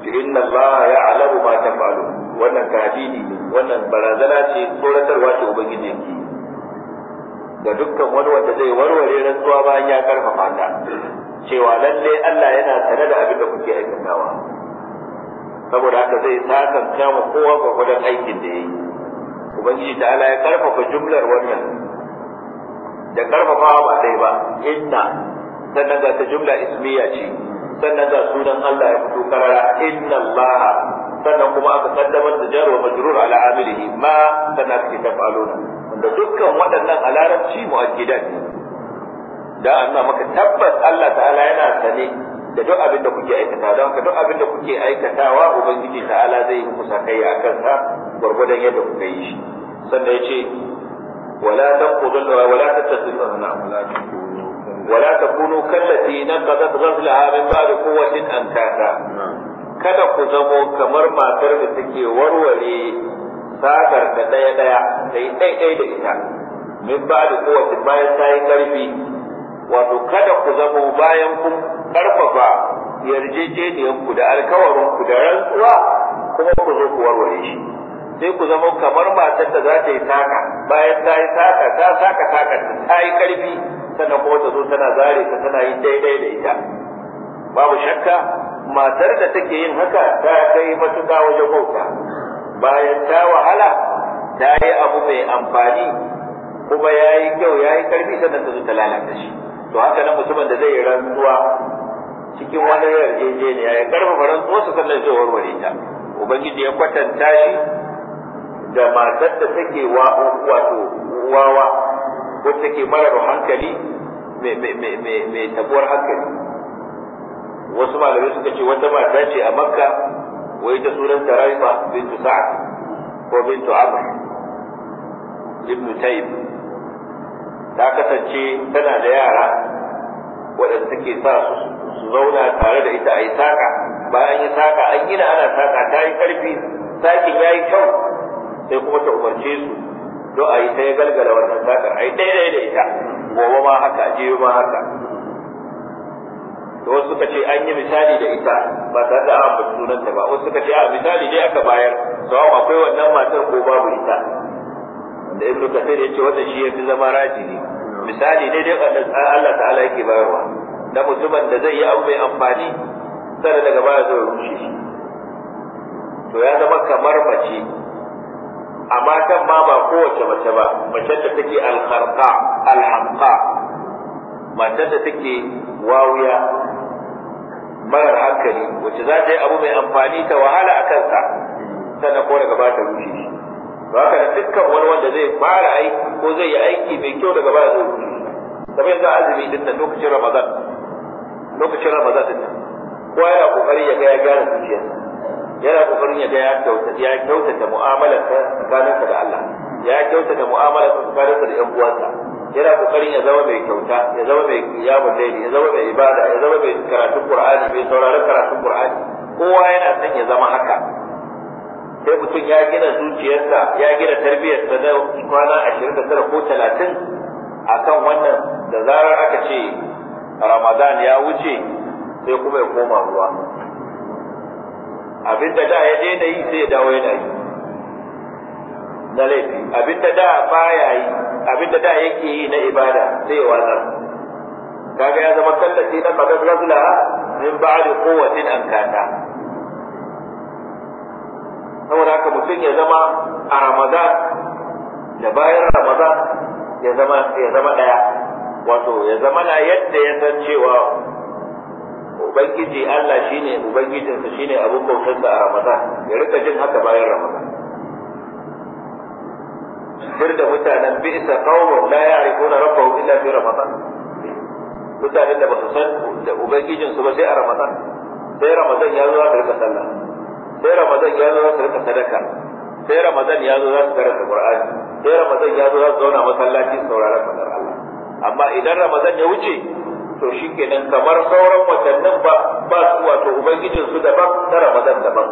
ku inna Allah ya'lamu ma falo, wannan kadidi ne wannan barazana ce tsoratarwa ce ubangiji yake ga dukkan wani wanda zai warware rantsuwa bayan ya karfafa ta cewa lalle Allah yana tare da abin da kuke aikatawa saboda haka zai sakan ma kowa gwagwadon aikin da ya yi ubangiji ta ala ya karfafa jumlar wannan da karfafa ba dai ba inna sannan ga ta jumla ismiya ce sannan ga sunan Allah ya fito karara inna Allah sannan kuma aka kaddamar da jar wa majrur ala amilihi ma sannan aka tafaluna wanda dukkan waɗannan a larabci mu'akkidat da Allah maka tabbas Allah ta'ala yana sane da duk abin da kuke aikata don ka duk abin da kuke aikatawa ubangiji ta'ala zai yi muku sakayya akan sa gwargwadon yadda kuka yi shi sannan ya ce ولا تنقضوا ولا تتخذوا ولا تكونوا كالتي نقضت غزلها من بعد قوة أنكاثا kada ku zamo kamar matar da take warware sakar da ɗaya ɗaya ta yi ɗaiɗai da ita min ba da kowace bayan ta yi ƙarfi wato kada ku zamo bayan kun ƙarfafa yarjejeniyarku da ku da rantsuwa kuma ku zo ku warware shi sai ku zamo kamar matar da za ta yi taka bayan ta yi saka ta saka saka ta yi karfi sannan ko ta zo tana zare ta tana yi daidai da ita babu shakka matar da take yin haka ta kai matuƙa wajen bauta bayan ta wahala ta yi abu mai amfani kuma ya yi kyau ya yi karfi sannan ta zo ta lalata shi to haka nan mutumin da zai yi rantsuwa cikin wani yarjejeniya ya karfafa rantsuwa su sannan zai warware ta ubangiji ya kwatanta shi da matar da take wato wawa ko take marar hankali mai tabuwar hankali wasu malamai suka ce wata mata ce a makka wai ta sunan taraifa bintu sa'ad ko bintu amr ibn tayyib ta kasance tana da yara waɗanda take sa su zauna tare da ita a yi saƙa bayan yi saƙa an gina ana saƙa ta yi ƙarfi saƙin ya yi kyau sai kuma ta umarce su do a yi ta ya galgala wannan takar? a yi daidai da ita gobe ma haka je ma haka to wasu suka ce an yi misali da ita ba tare da an bata sunanta ba wasu suka ce a misali dai aka bayar sawa akwai wannan matar ko babu ita wanda ibnu da ya ce wannan shi yafi zama rajini misali dai dai wanda Allah ta'ala yake bayarwa na mutumin da zai yi abu mai amfani sannan daga baya zai rushe shi to ya zama kamar mace a matan ma ba kowace mace ba mace da take alharqa alhamqa mace da take wawiya marar hankali wacce za ta yi abu mai amfani ta wahala a kansa sannan ko daga bata rushe shi ba haka da dukkan wani wanda zai fara aiki ko zai yi aiki mai kyau daga ba zai rushe kamar yanzu azumi din nan lokacin ramadan lokacin ramadan din nan kowa yana kokari ya ga ya gyara zuciyarsa yana kokarin ya ga ya kyautata ya kyautata mu'amalarsa tsakaninsa da Allah ya kyautata mu'amalarsa tsakaninsa da ƴan uwansa yana kokarin ya zama mai kyauta ya zama mai qiyamul layli ya zama mai ibada ya zama mai karatun qur'ani mai sauraron karatun qur'ani kowa yana son ya zama haka sai mutum ya gina zuciyarsa ya gina tarbiyyarsa na kwana ashirin da tara ko talatin akan wannan da zarar aka ce ramadan ya wuce sai kuma ya koma ruwa abin da da ya daina yi sai ya dawo yana yi na laifi abin da da baya yi abin da da yake yi na ibada sai ya watsar kaga ya zama kallafi na fagar rasula min ba'da kowatin an kata saboda haka mutum ya zama a ramadan da bayan ramadan ya zama ya zama daya wato ya zama na yadda ya san cewa ubangiji Allah shine ubangijinsa shine abin bautarsa a Ramadan ya rika jin haka bayan Ramadan Bir da mutanen bi'sa qaumun la ya'rifuna rabbahum illa fi Ramadan mutanen da ba su san da ubangijinsu ba sai a Ramadan sai Ramadan ya zo za su rika sallah sai Ramadan ya zo za su rika sadaka sai Ramadan ya zo za su karanta Qur'ani sai Ramadan ya zo za su zauna masallaci sauraron fadar Allah amma idan Ramadan ya wuce to shi kenan kamar sauran watannin ba ba su wato ubangijin su daban na ramadan daban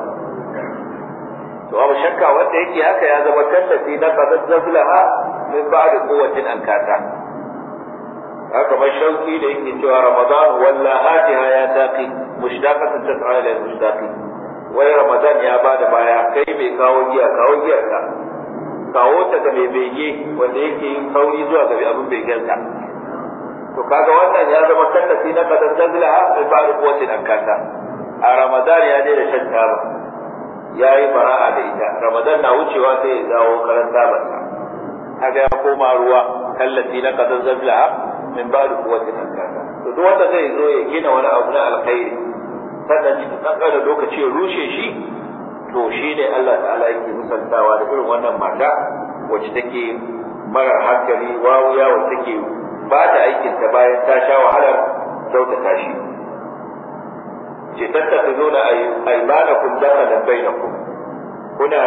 to abu shakka wanda yake haka ya zama tallafi na qadad zazlaha min kowacin an kata haka mai shauki da yake cewa ramadan walla hatiha ya taqi mushdaqatan tas'a ila mushdaqi wai ramadan ya ba da baya kai mai kawo giya kawo giyarka kawo ta ga mai bege wanda yake yin sauri zuwa ga abin ka to kaga wannan ya zama tallafi na kadan tazila ha mai ba dan ankata a ramadan ya daina shan taba ya yi bara'a da ita ramadan na wucewa sai ya dawo karan tabarsa kaga ya koma ruwa tallafi na kadan tazila ha min ba dan ankata to duk wanda zai zo ya gina wani abu na alkhairi sannan cikin da lokaci ya rushe shi to shi ne Allah ta'ala yake musantawa da irin wannan mata wacce take marar hankali wawuya wacce take ba ta aikin ta bayan ta sha wahalar kyautata shi ce tattakhizuna aymanakum dakhalan ku? kuna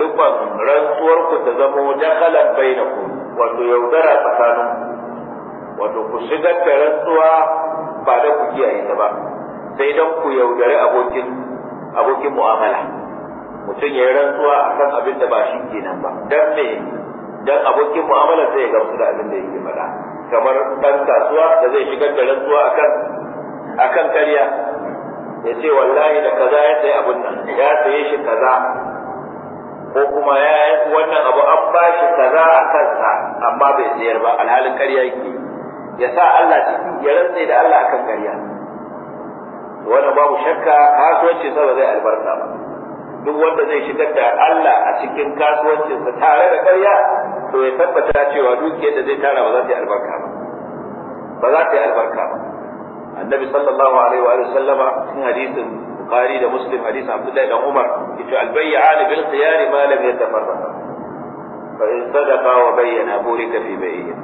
rubban rantsuwar ku ta zamo dakhalan ku. wato yaudara tsakanin wato ku shigar da rantsuwa ba da ku kiyaye ta ba sai don ku yaudari abokin abokin mu'amala mutum ya yi rantsuwa kan abin da ba shi kenan ba dan me dan abokin mu'amala sai ya gamsu da abin da yake faɗa kamar ɗan kasuwa da zai shigar da rantsuwa akan akan karya ya ce wallahi da kaza ya sayi abun nan ya saye shi kaza ko kuma ya yi wannan abu an ba shi kaza a kansa amma bai sayar ba alhalin karya yake ya sa Allah ciki ya rantse da Allah akan karya wannan babu shakka kasuwanci sa ba zai albarka ba duk wanda zai shigar da Allah a cikin kasuwancinsa tare da karya to ya tabbata cewa dukiyar da zai tara ba za ta yi albarka ba ba za ta yi albarka ba annabi sallallahu alaihi wa sallama cikin hadisin bukhari da muslim hadisin abdullahi dan umar yace albayyana bil khiyar ma lam yatafarraqa fa in sadaqa wa bayyana burika fi bayyin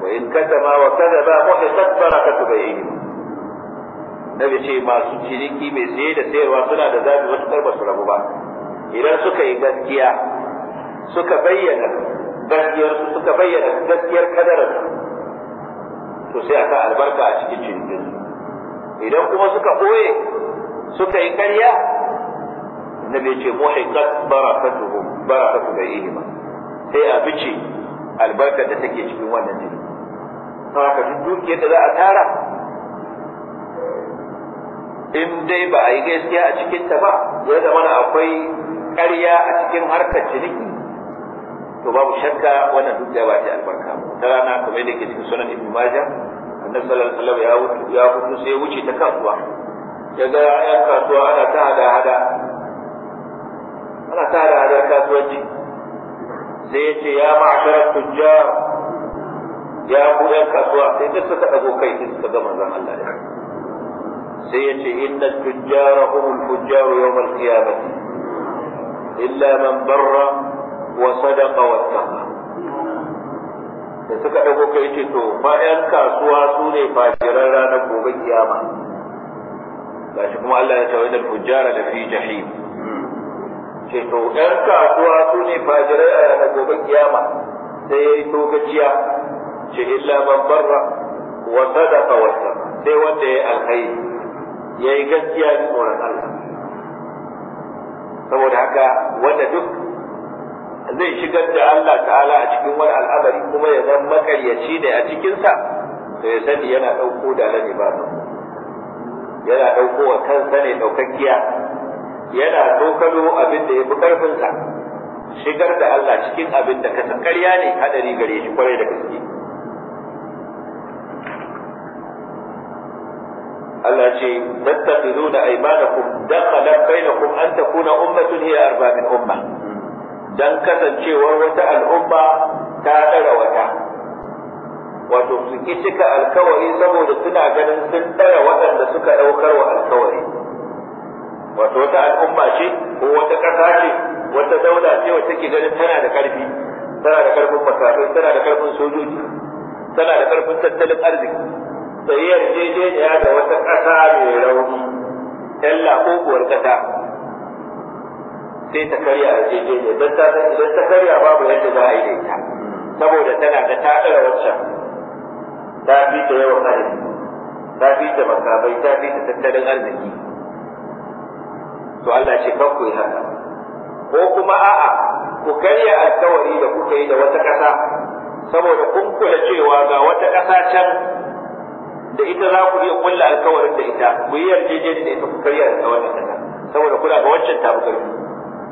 wa in katama wa kadaba muhitat barakatu bayyin nabi ce masu ciniki mai saye da sayarwa suna da zabi wasu karba su rabu ba idan suka yi gaskiya suka bayyana gaskiyar suka bayyana gaskiyar kadarar to sai a sa albarka a cikin cinikin idan kuma suka ɓoye suka yi ƙarya annabi ce muhiqat barakatuhum barakatu bayyihim sai a bice albarkar da take cikin wannan jini haka duk dukiyar da za a tara in dai ba a yi gaskiya a cikin ta ba ya zama na akwai ƙarya a cikin harkar ciniki to babu shakka wannan dukiya ba ta albarka wata rana kamar da ke cikin sunan ibn majah annabi sallallahu alaihi wasallam ya wuce ya wuce sai wuce ta kasuwa ya ga yan kasuwa ana ta hada hada ana ta hada hada kasuwanci sai ya ce ya ma'asharar tujjar ya ku ya kasuwa sai duk suka dago kai sai suka ga manzon Allah ya sai ya ce inna tujjara humul yawm al-qiyamah illa man barra wa sadaqa wattaqa da suka ɗago kai ce to ma 'yan kasuwa su ne fajiran ranar gobe kiyama shi kuma Allah ya tawaye da fujjara da fi jahim ce to ɗan kasuwa su ne fajirai ranar gobe kiyama sai ya yi tokaciya ce illa man barra wa sadaqa wa sai wanda ya yi alkhairi ya yi gaskiya da tsoron Allah saboda haka wanda duk zai shigar da Allah ta'ala a cikin wani al'amari kuma ya zan makaryaci da a cikinsa to ya sani yana ɗauko da lani ba yana ɗauko wa kansa ne ɗaukakkiya yana tokalo abin da ya fi ƙarfinsa shigar da Allah cikin abin da kasa ƙarya ne haɗari gare shi kwarai da gaske Allah ce tattakhizuna aymanakum dakhala bainakum an takuna ummatun hiya arba min ummah don kasancewar wata al'umma ta ɗara wata wato su ki cika alkawari saboda suna ganin sun ɗara waɗanda suka ɗaukar wa alkawari wato wata al'umma ce ko wata ƙasa ce wata dauda ce wata ke ganin tana da ƙarfi tana da ƙarfin makarafai tana da ƙarfin sojoji tana da ƙarfin tattalin arziki sai yarjejeniya da wata ƙasa mai rauni ɗan ko ƙasa sai ta karya a jejeniya don ta san idan ta karya babu yadda za a yi da ita saboda tana da ta ɗara waccan ta fi ta yawan arziki ta fi ta makamai ta fi ta tattalin arziki to Allah ce kanku yi haka ko kuma a'a ku karya alkawari da kuka yi da wata ƙasa saboda kun kula cewa ga wata ƙasa can da ita za ku iya kulla alkawarin da ita ku yi yarjejeniya da ita ku karya alkawarin da ita saboda kuna ga waccan ta karfi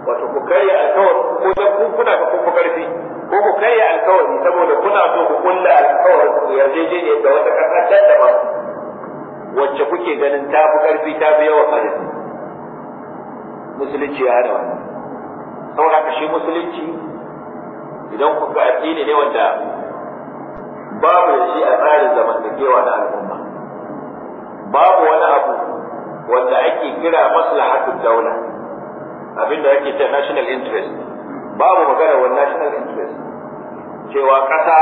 wato ku karya alkawari ko dan ku kuna da kun karfi ko ku karya alkawari saboda kuna so ku kulla alkawarin ku yarjejeniya da wata kasa can da ba wacce kuke ganin ta fi karfi ta fi yawa karfi musulunci ya hana wannan saboda haka shi musulunci idan ku ga addini ne wanda babu da shi a tsarin zamantakewa na al'umma babu wani abu wanda ake kira maslahatul daula abinda yake ce national interest babu magana wa national interest cewa ƙasa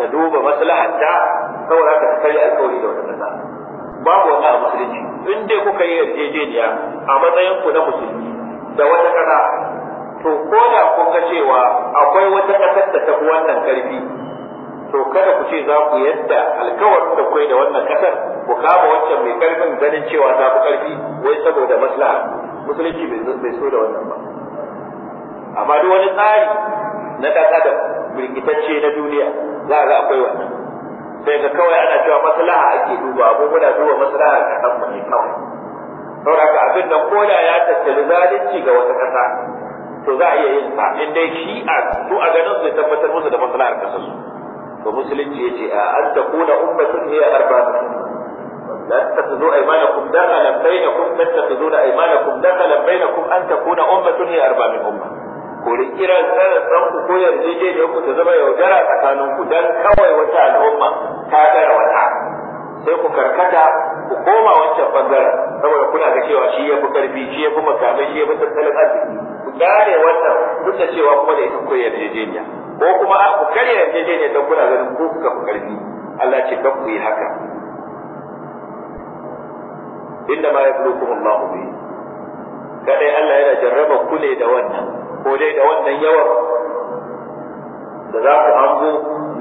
ta duba ta saboda ta kai alƙawari da wata ƙasa babu wani a musulunci in dai kuka yi yarjejeniya a matsayin ku na musulmi da wata ƙasa to ko da kun ga cewa akwai wata ƙasar da ta fi wannan ƙarfi to kada ku ce za ku yadda alkawarin da kai da wannan kasar ku kama wancan mai karfin ganin cewa za ku karfi wai saboda maslahar musulunci bai so da wannan ba amma duk wani tsari na ɗan adam birkitacce na duniya za a ga akwai wannan sai ga kawai ana cewa maslaha ake duba ko muna duba maslaha ga ɗan mu ne kawai saboda ka abin nan koda ya tattali zalunci ga wata ƙasa to za a iya yin sa in dai shi a su a ganin su tabbatar musu da maslahar ƙasar su to musulunci ya ce a an ta kuna ummatun hiya arba'atun لا تتخذوا أيمانكم دخلا بينكم تتخذون أيمانكم دخلا بينكم أن تكون أمة هي أربع من أمة ku kira tsarin ku ko yarjejeniyar ku ta zama yaudara tsakanin ku dan kawai wata al'umma ta gara wata sai ku karkata ku koma wancan bangare. saboda kuna ga cewa shi ya fi karfi shi ya fi makamai shi ya fi tattalin arziki ku gane wannan duk da cewa kuma da ita ku yarjejeniya ko kuma ku karya yarjejeniya don kuna ganin ku kuka fi karfi Allah ce don ku yi haka inda ma ya bulu kuma Allah bi kadai Allah yana jarraba ku ne da wannan ko dai da wannan yawan da za ku hango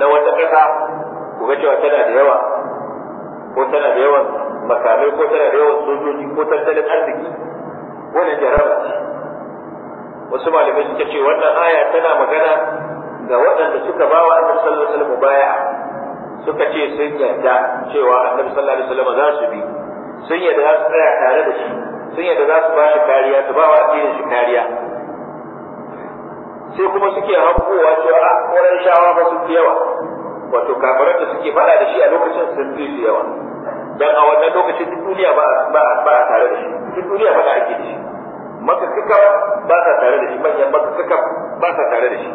na wata ƙasa ku ga cewa tana da yawa ko tana da yawan makamai ko tana da yawan sojoji ko tattalin arziki wannan jarraba wasu malamai suka ce wannan aya tana magana ga waɗanda suka ba wa annabi sallallahu alaihi wasallam baya suka ce sun yarda cewa annabi sallallahu alaihi wasallam za su bi sun yadda za su tsaya tare da shi sun yadda za su ba shi kariya su ba wa addinin shi kariya sai kuma suke hankowa cewa a ah, ƙoran shawa ba su fi yawa wato kafiran da suke faɗa da shi a lokacin sun fi su yawa dan a wannan lokacin duk duniya ba a tare da shi duk duniya ba ake da shi maka kaka ba sa tare da shi manyan maka kaka ba sa tare da shi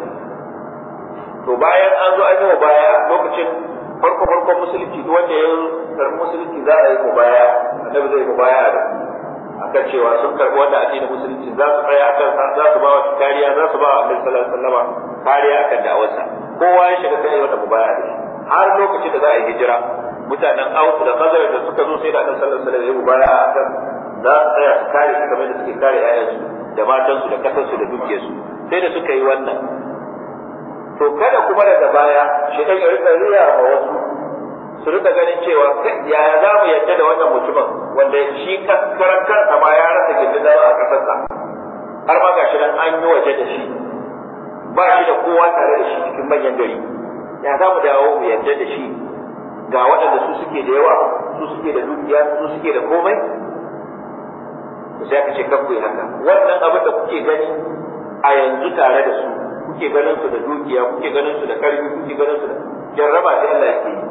to bayan an zo an yi wa baya lokacin farko farko musulunci duk wanda ya karbi musulunci za a yi ko baya annabi zai ko baya da aka cewa sun karbi wanda da musulunci za su tsaya akan za su ba wa kariya za su ba wa annabi sallallahu alaihi wasallam kariya akan da'awarsa kowa ya shiga kai wanda ko baya da har lokacin da za a yi hijira mutanen auku da kazar da suka zo sai da annabi sallallahu alaihi wasallam ya baya akan za su tsaya su kare su kamar da suke kare ayyansu da matansu da kasansu da dukiyarsu sai da suka yi wannan to kada kuma daga baya shi ɗan ya rika riya wa wasu su rika ganin cewa yaya za mu yadda da wannan mutumin wanda shi karan kansa ma ya rasa gindin a ƙasarsa har ma gashi nan an yi waje da shi ba shi da kowa tare da shi cikin manyan gari ya za mu dawo mu yadda da shi ga waɗanda su suke da yawa su suke da dukiya su suke da komai sai ka ce kan haka wannan abin da kuke gani a yanzu tare da su kuke ganin su da dukiya kuke ganin su da karfi kuke ganin su da jarraba da Allah yake wani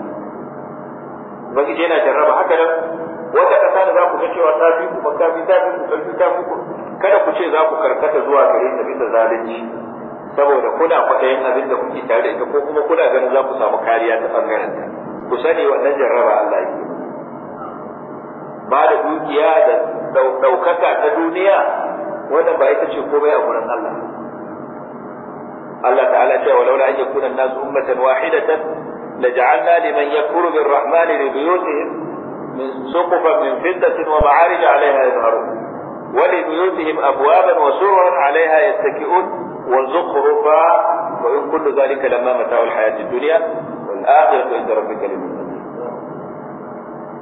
ubangiji yana jarraba haka nan wata kasa da za ku ga cewa ta fi ku makka fi ta fi ku karfi ta fi ku kada ku ce za ku karkata zuwa gare ta bisa zalunci saboda kuna yin abin da kuke tare da ita ko kuma kuna ganin za ku samu kariya ta bangaren ta ku sani wannan jarraba Allah yake ba da dukiya da ɗaukaka ta duniya wanda ba ita ce komai a gurin Allah الله تعالى ولولا أن يكون الناس أمة واحدة لجعلنا لمن يكفر بالرحمن لبيوتهم من سقفا من فدة ومعارج عليها يظهرون ولبيوتهم أبوابا وسررا عليها يتكئون وزخرفا وإن كل ذلك لما متاع الحياة الدنيا والآخرة عند ربك للمتقين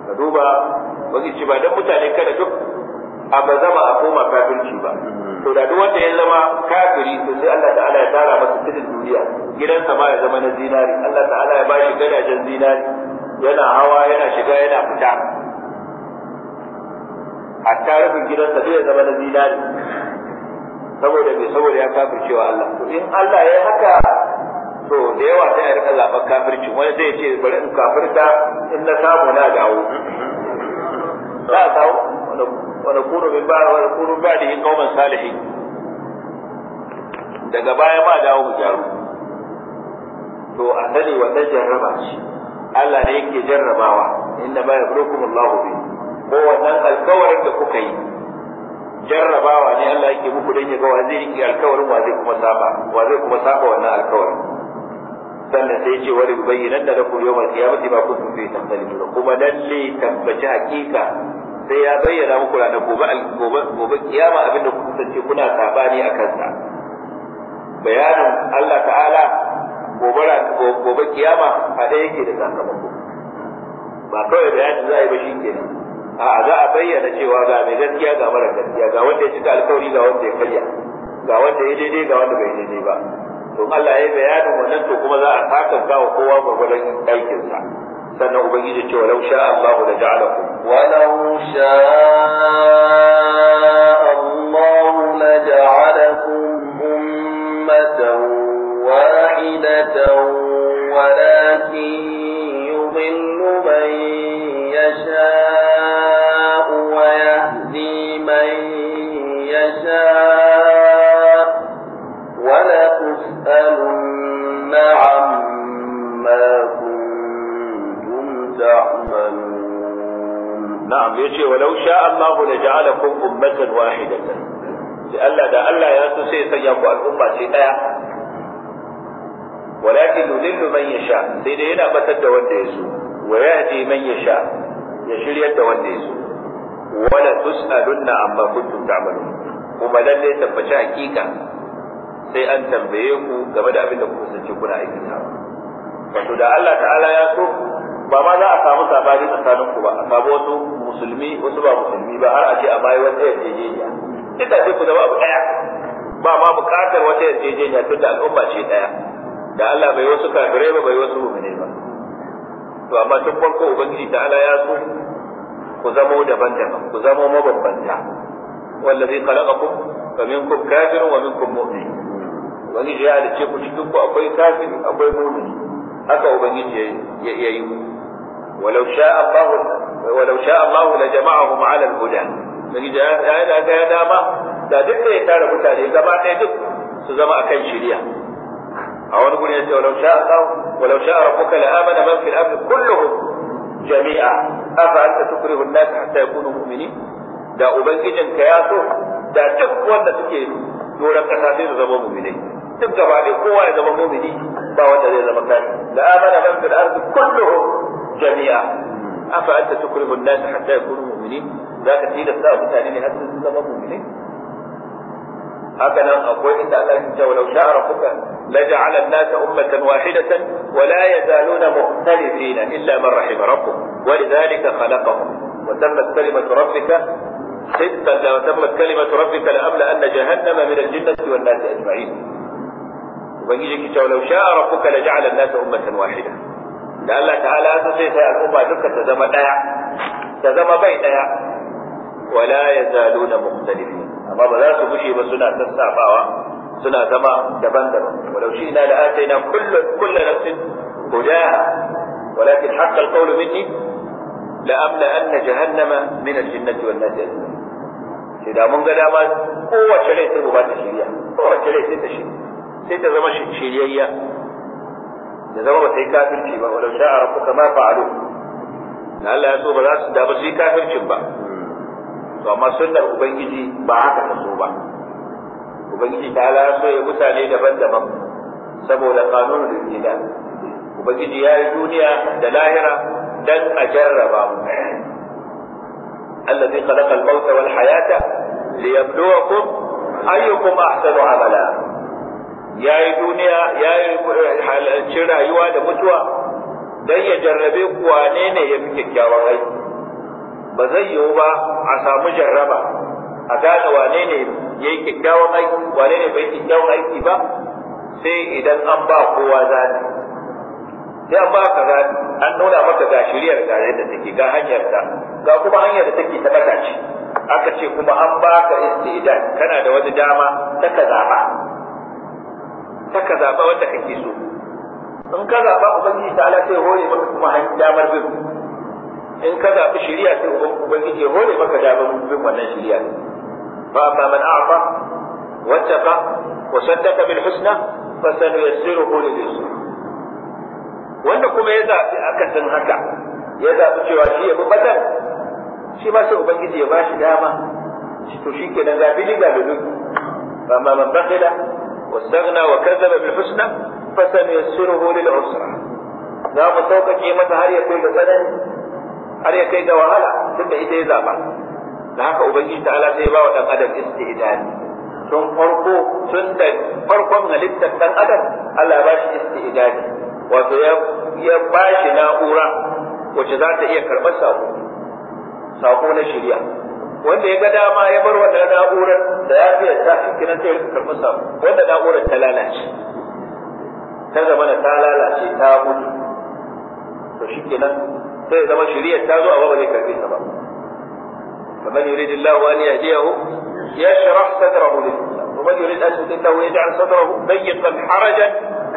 فدوبا وإن شبابا متعلقا لك أبا ما أقوم كافر شبابا to da duk wanda ya zama kafiri to sai Allah ta'ala ya tara masa cikin duniya gidansa ma ya zama na zinari Allah ta'ala ya bashi gadajen zinari yana hawa yana shiga yana fita hatta rufin gidansa zai zama na zinari saboda me saboda ya kafircewa Allah to in Allah ya haka to da yawa sai a rika zaben kafirci wani zai ce bari in kafirta in na samu na dawo za a samu ونكون من بعد ونكون من بعده قوما صالحين daga baya ba dawo mu gyaru to annabi wanda jarraba shi Allah ne yake jarrabawa inna ma yablukum Allah bi ko wannan alkawarin da kuka yi jarrabawa ne Allah yake muku dan ya ga wa zai yi alkawarin wa zai kuma saba wa zai kuma saba wannan alkawarin sannan sai ce wani bayyana da lakum yawmal ba ma kuntum fi takhtalifun kuma lalle tabbaci hakika sai ya bayyana muku ranar gobe gobe gobe kiyama abinda ku sace kuna sabani a kansa bayanin Allah ta'ala gobe gobe kiyama hada yake da sakamako ba kawai bayanin za a yi ba shikenan a za a bayyana cewa ga mai gaskiya ga mara gaskiya ga wanda ya cika alkawari ga wanda ya karya ga wanda ya daidai ga wanda bai daidai ba to Allah ya yi bayanin wannan to kuma za a saka wa kowa gwargwadon aikinsa sannan ubangiji ce walau sha Allah da ja'alakum lahu ja'alakum ummatan wahidatan sai Allah da Allah ya so sai ya sanya ku al'umma ce daya walakin yudillu man yasha sai dai yana batar da wanda ya so wa yahdi man yasha ya shiryar da wanda ya so wala tus'alunna amma kuntum ta'malun kuma lalle tabbaci hakika sai an tambaye ku game da abin da kuka sace kuna aikata wato da Allah ta'ala ya so ba ma za a samu sabani tsakanin ku ba a samu wasu musulmi wasu ba musulmi ba har a ce a bayi wata yarjejeniya ita ce ku zama abu ɗaya ba ma buƙatar wata yarjejeniya tun da al'umma ce ɗaya da Allah bai wasu kafirai ba bai wasu mu'mini ba to amma tun farko ubangiji ta ala ya so ku zamo daban-daban ku zamo mabambanta wallazi khalaqakum faminkum kafirun wa minkum mu'min ubangiji ya halice ku cikin ku akwai kafiri akwai mu'mini haka ubangiji ya yi walau sha Allahu walau sha Allah la jama'ahum ala dama da tara mutane gaba akan shari'a a wani gurin yace walau sha Allah walau sha man fil ardi kulluhum jami'a afa anta tukrihu an-nas hatta yakunu mu'minin da ubangijinka ya so da duk wanda suke doron kasa sai su zama mu'minai duk gaba kowa ya zama ba wanda zai zama man jami'a أفأنت تكره الناس حتى يكونوا مؤمنين ذاك الدين الثاغ الثانين هل تنظر مؤمنين هكذا أقول إن الله إنت ولو شاء ربك لجعل الناس أمة واحدة ولا يزالون مختلفين إلا من رحم ربهم ولذلك خلقهم وتمت كلمة ربك صدقا لو تمت كلمة ربك لأمل أن جهنم من الجنة والناس أجمعين ويجي كتاب لو شاء ربك لجعل الناس أمة واحدة da Allah ta'ala su sai sai al'umma duka ta zama daya ta zama bai daya wala yazaluna mukhtalifin amma ba za su gushe ba suna sassafawa suna zama daban-daban walau shi ina da ataina kullu kullu nafsin hudaha walakin haqqa al-qawlu minni la amla anna jahannama min al-jinnati wan nasi sai da mun ga dama kowace rai sai ba ta shiriya kowace rai sai ta shiriya sai ta zama shiriyayya da zama ba sai kafirci ba walau sha'a rabbuka ma fa'alu da Allah ya so ba za su da ba sai kafircin ba to amma sunnar ubangiji ba haka ta so ba ubangiji ta ala so ya mutane daban-daban saboda kanun rijida ubangiji ya yi duniya da lahira dan a jarraba mu allazi khalaqa al-mauta wal hayata liyabluwakum ayyukum ahsanu amala ya yi duniya ya yi eh, halarci rayuwa da mutuwa don ya jarrabe wane ne ya fi kyakkyawan aiki ba zai yiwu ba a samu jarraba a gane wane ne ya yi kyakkyawan aiki wane ne bai kyakkyawan aiki ba sai idan an ba kowa zaɓi sai an ba ka zaɓi an nuna maka ga shiriyar ga yadda take ga hanyar ta ga kuma hanyar da take ta ɓata ce aka ce kuma an ba ka istidad kana da wani dama ta ka zaɓa ta ka zaɓa wanda kake so in ka zaɓa ubangiji ta ala sai hore maka kuma damar bin in ka zaɓi shari'a sai ubangiji ya hore maka damar bin wannan shari'a fa amma man a'fa wattaqa wa saddaqa bil husna fa hore lil yusra wanda kuma ya zaɓi akasin haka ya zaɓi cewa shi ya bi batar shi ma sai ubangiji ya ba shi dama to shi kenan zaɓi ni ga lulu fa amma man bakhila واستغنى وكذب بالحسنى فسنيسره للعسرى za mu sauƙaƙe masa har ya kai ga tsanani har ya kai ga wahala tun da ita ya zaɓa da haka ubangiji ta ala sai ba wa ɗan adam istidani tun farko tun da farkon halittar ɗan adam Allah ba shi istidani wato ya ba shi na'ura wacce za ta iya karɓar saƙo saƙo na shirya wanda ya ga dama ya bar wannan na'urar da ya fiye ta cikin sai ya karɓi sa wanda na'urar ta lalace ta zama ta lalace ta mutu to shi kenan sai ya zama shiriyar ta zo a ba zai karɓe ta ba فمن يريد الله أن يهديه يشرح صدره للإسلام ومن يريد أن يهدي الله يجعل صدره ضيقا حرجا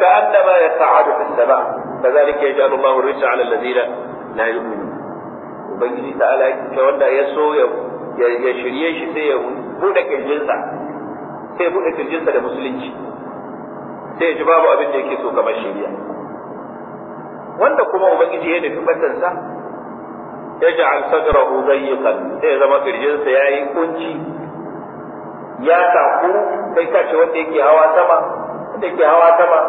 كأنما يسعد في السماء كذلك يجعل الله الرجس على الذين Ubangiji يؤمنون وبين تعالى كون ya ya shirye shi sai ya buɗe kirjinsa sai ya buɗe kirjinsa da musulunci sai ya ji babu abin da yake so kamar shirya wanda kuma ubangiji ya nufi batansa ya al sadra dayyiqan sai ya zama kirjinsa yayi kunci ya takuru sai ka ce wanda yake hawa sama wanda yake hawa sama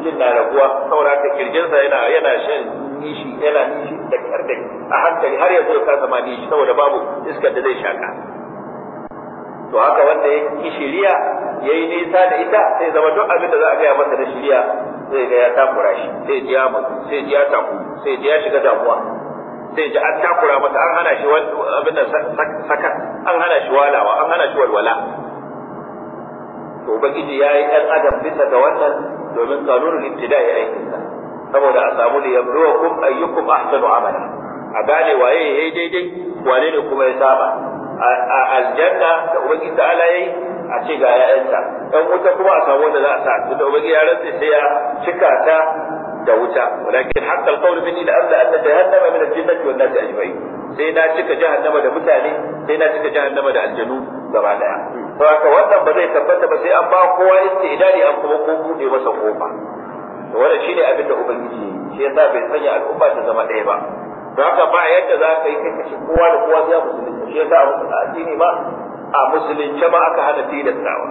jin na raguwa saboda kirjinsa yana yana shan nishi yana nishi da karda a hankali har ya ka zama nishi saboda babu iskar da zai shaka to haka wanda ya ki shiriya ya yi nisa da ita sai zama duk abin da za a gaya masa da shiriya zai ga ya takura shi sai ji ya mutu sai ji ya taku sai ji ya shiga damuwa sai ji an takura masa an hana shi abin da saka an hana shi walawa an hana shi walwala to ubangiji ya yi ɗan adam bisa ga wannan domin kanunin ibtida'i aikinsa saboda a samu da yabluwakum ayyukum ahsanu amala a gane waye yayi daidai wane ne kuma ya saba a aljanna da ubangi ta ala yayi a ce ga ya'yanta dan wuta kuma a samu wanda za a sa da ubangi ya rantsa sai ya cika ta da wuta walakin hatta alqawl minni la amla anna jahannama min aljannati jinnati wan nasi ajma'in sai na cika jahannama da mutane sai na cika jahannama da aljanu gaba daya to haka wannan ba zai tabbata ba sai an ba kowa istidali an kuma ko bude masa kofa to wannan shine abin da ubangiji shi yasa bai sanya al'umma ta zama ɗaya ba don haka ba yadda za ka yi kai kashe kowa da kowa ya musulunci shi yasa a musulunci addini ma a musulunci ma aka hana tilastawa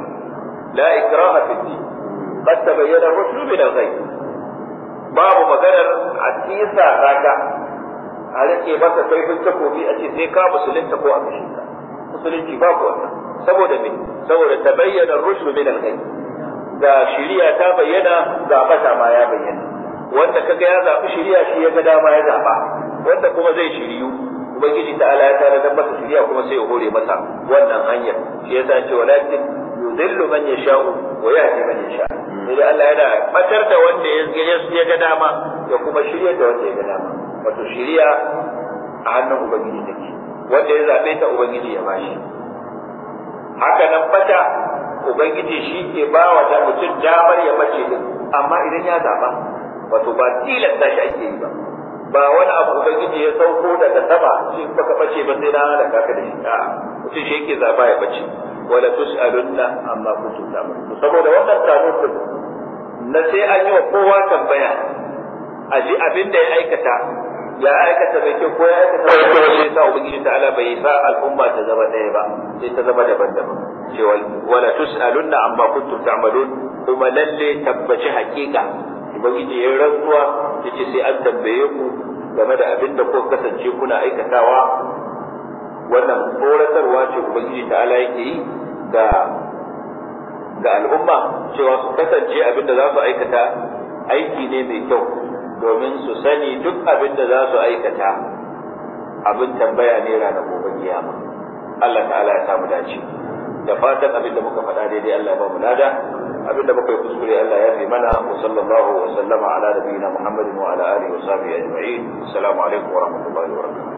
la ikraha fi din qad tabayyana rusul min al-ghayb babu maganar a tisa raka a rike masa kaifin takobi a ce sai ka musulunta ko a kashe ka musulunci babu wannan saboda me saboda tabayyana rusul min al-ghayb ga shiriya ta bayyana ga bata ma ya bayyana wanda kaga ya zaɓi shiriya shi ya ga dama ya zaɓa wanda kuma zai shiriyu ubangiji ta ala ya tare da masa shiriya kuma sai ya hore masa wannan hanyar shi yasa ce walakin yudillu man yasha'u wa yahdi man yasha'u sai Allah yana batar da wanda ya ga dama ya kuma shirya da wanda ya ga dama wato shiriya a hannun ubangiji take wanda ya zaɓe ta ubangiji ya bashi haka nan bata ubangiji shi ke ba wa da mutum damar ya bace din amma idan ya zaba wato ba tilasta shi ake yi ba ba wani abu ubangiji ya sauko daga sama shi baka bace ba sai na da kaka da shi a mutum shi yake zaba ya bace wala tus'alunna amma kuntum ta'malun saboda wannan kanun din na sai an yi wa kowa tambaya a ji abin da ya aikata ya aikata mai kyau ko ya aikata mai kyau sai sa ubangiji ala bai sa al'umma ta zama ɗaya ba sai ta zama daban-daban cewa wala tus'alunna amma kuntum ta'malun kuma lalle tabbaci hakika ubangiji ya rantsuwa yace sai an tambaye ku game da abin da kuka kasance kuna aikatawa wannan boratarwa ce ubangiji ala yake yi ga ga al'umma cewa su kasance abin da za su aikata aiki ne mai kyau domin su sani duk abin da za su aikata abin tambaya ne ranar gobe kiyama Allah ta'ala ya samu dace da fatan abin da muka faɗa daidai Allah ya ba mu lada abin da muka yi kuskure Allah ya fi mana wa sallallahu wa sallama ala nabiyina Muhammadin wa ala alihi wa sahbihi ajma'in assalamu alaikum wa rahmatullahi wa barakatuh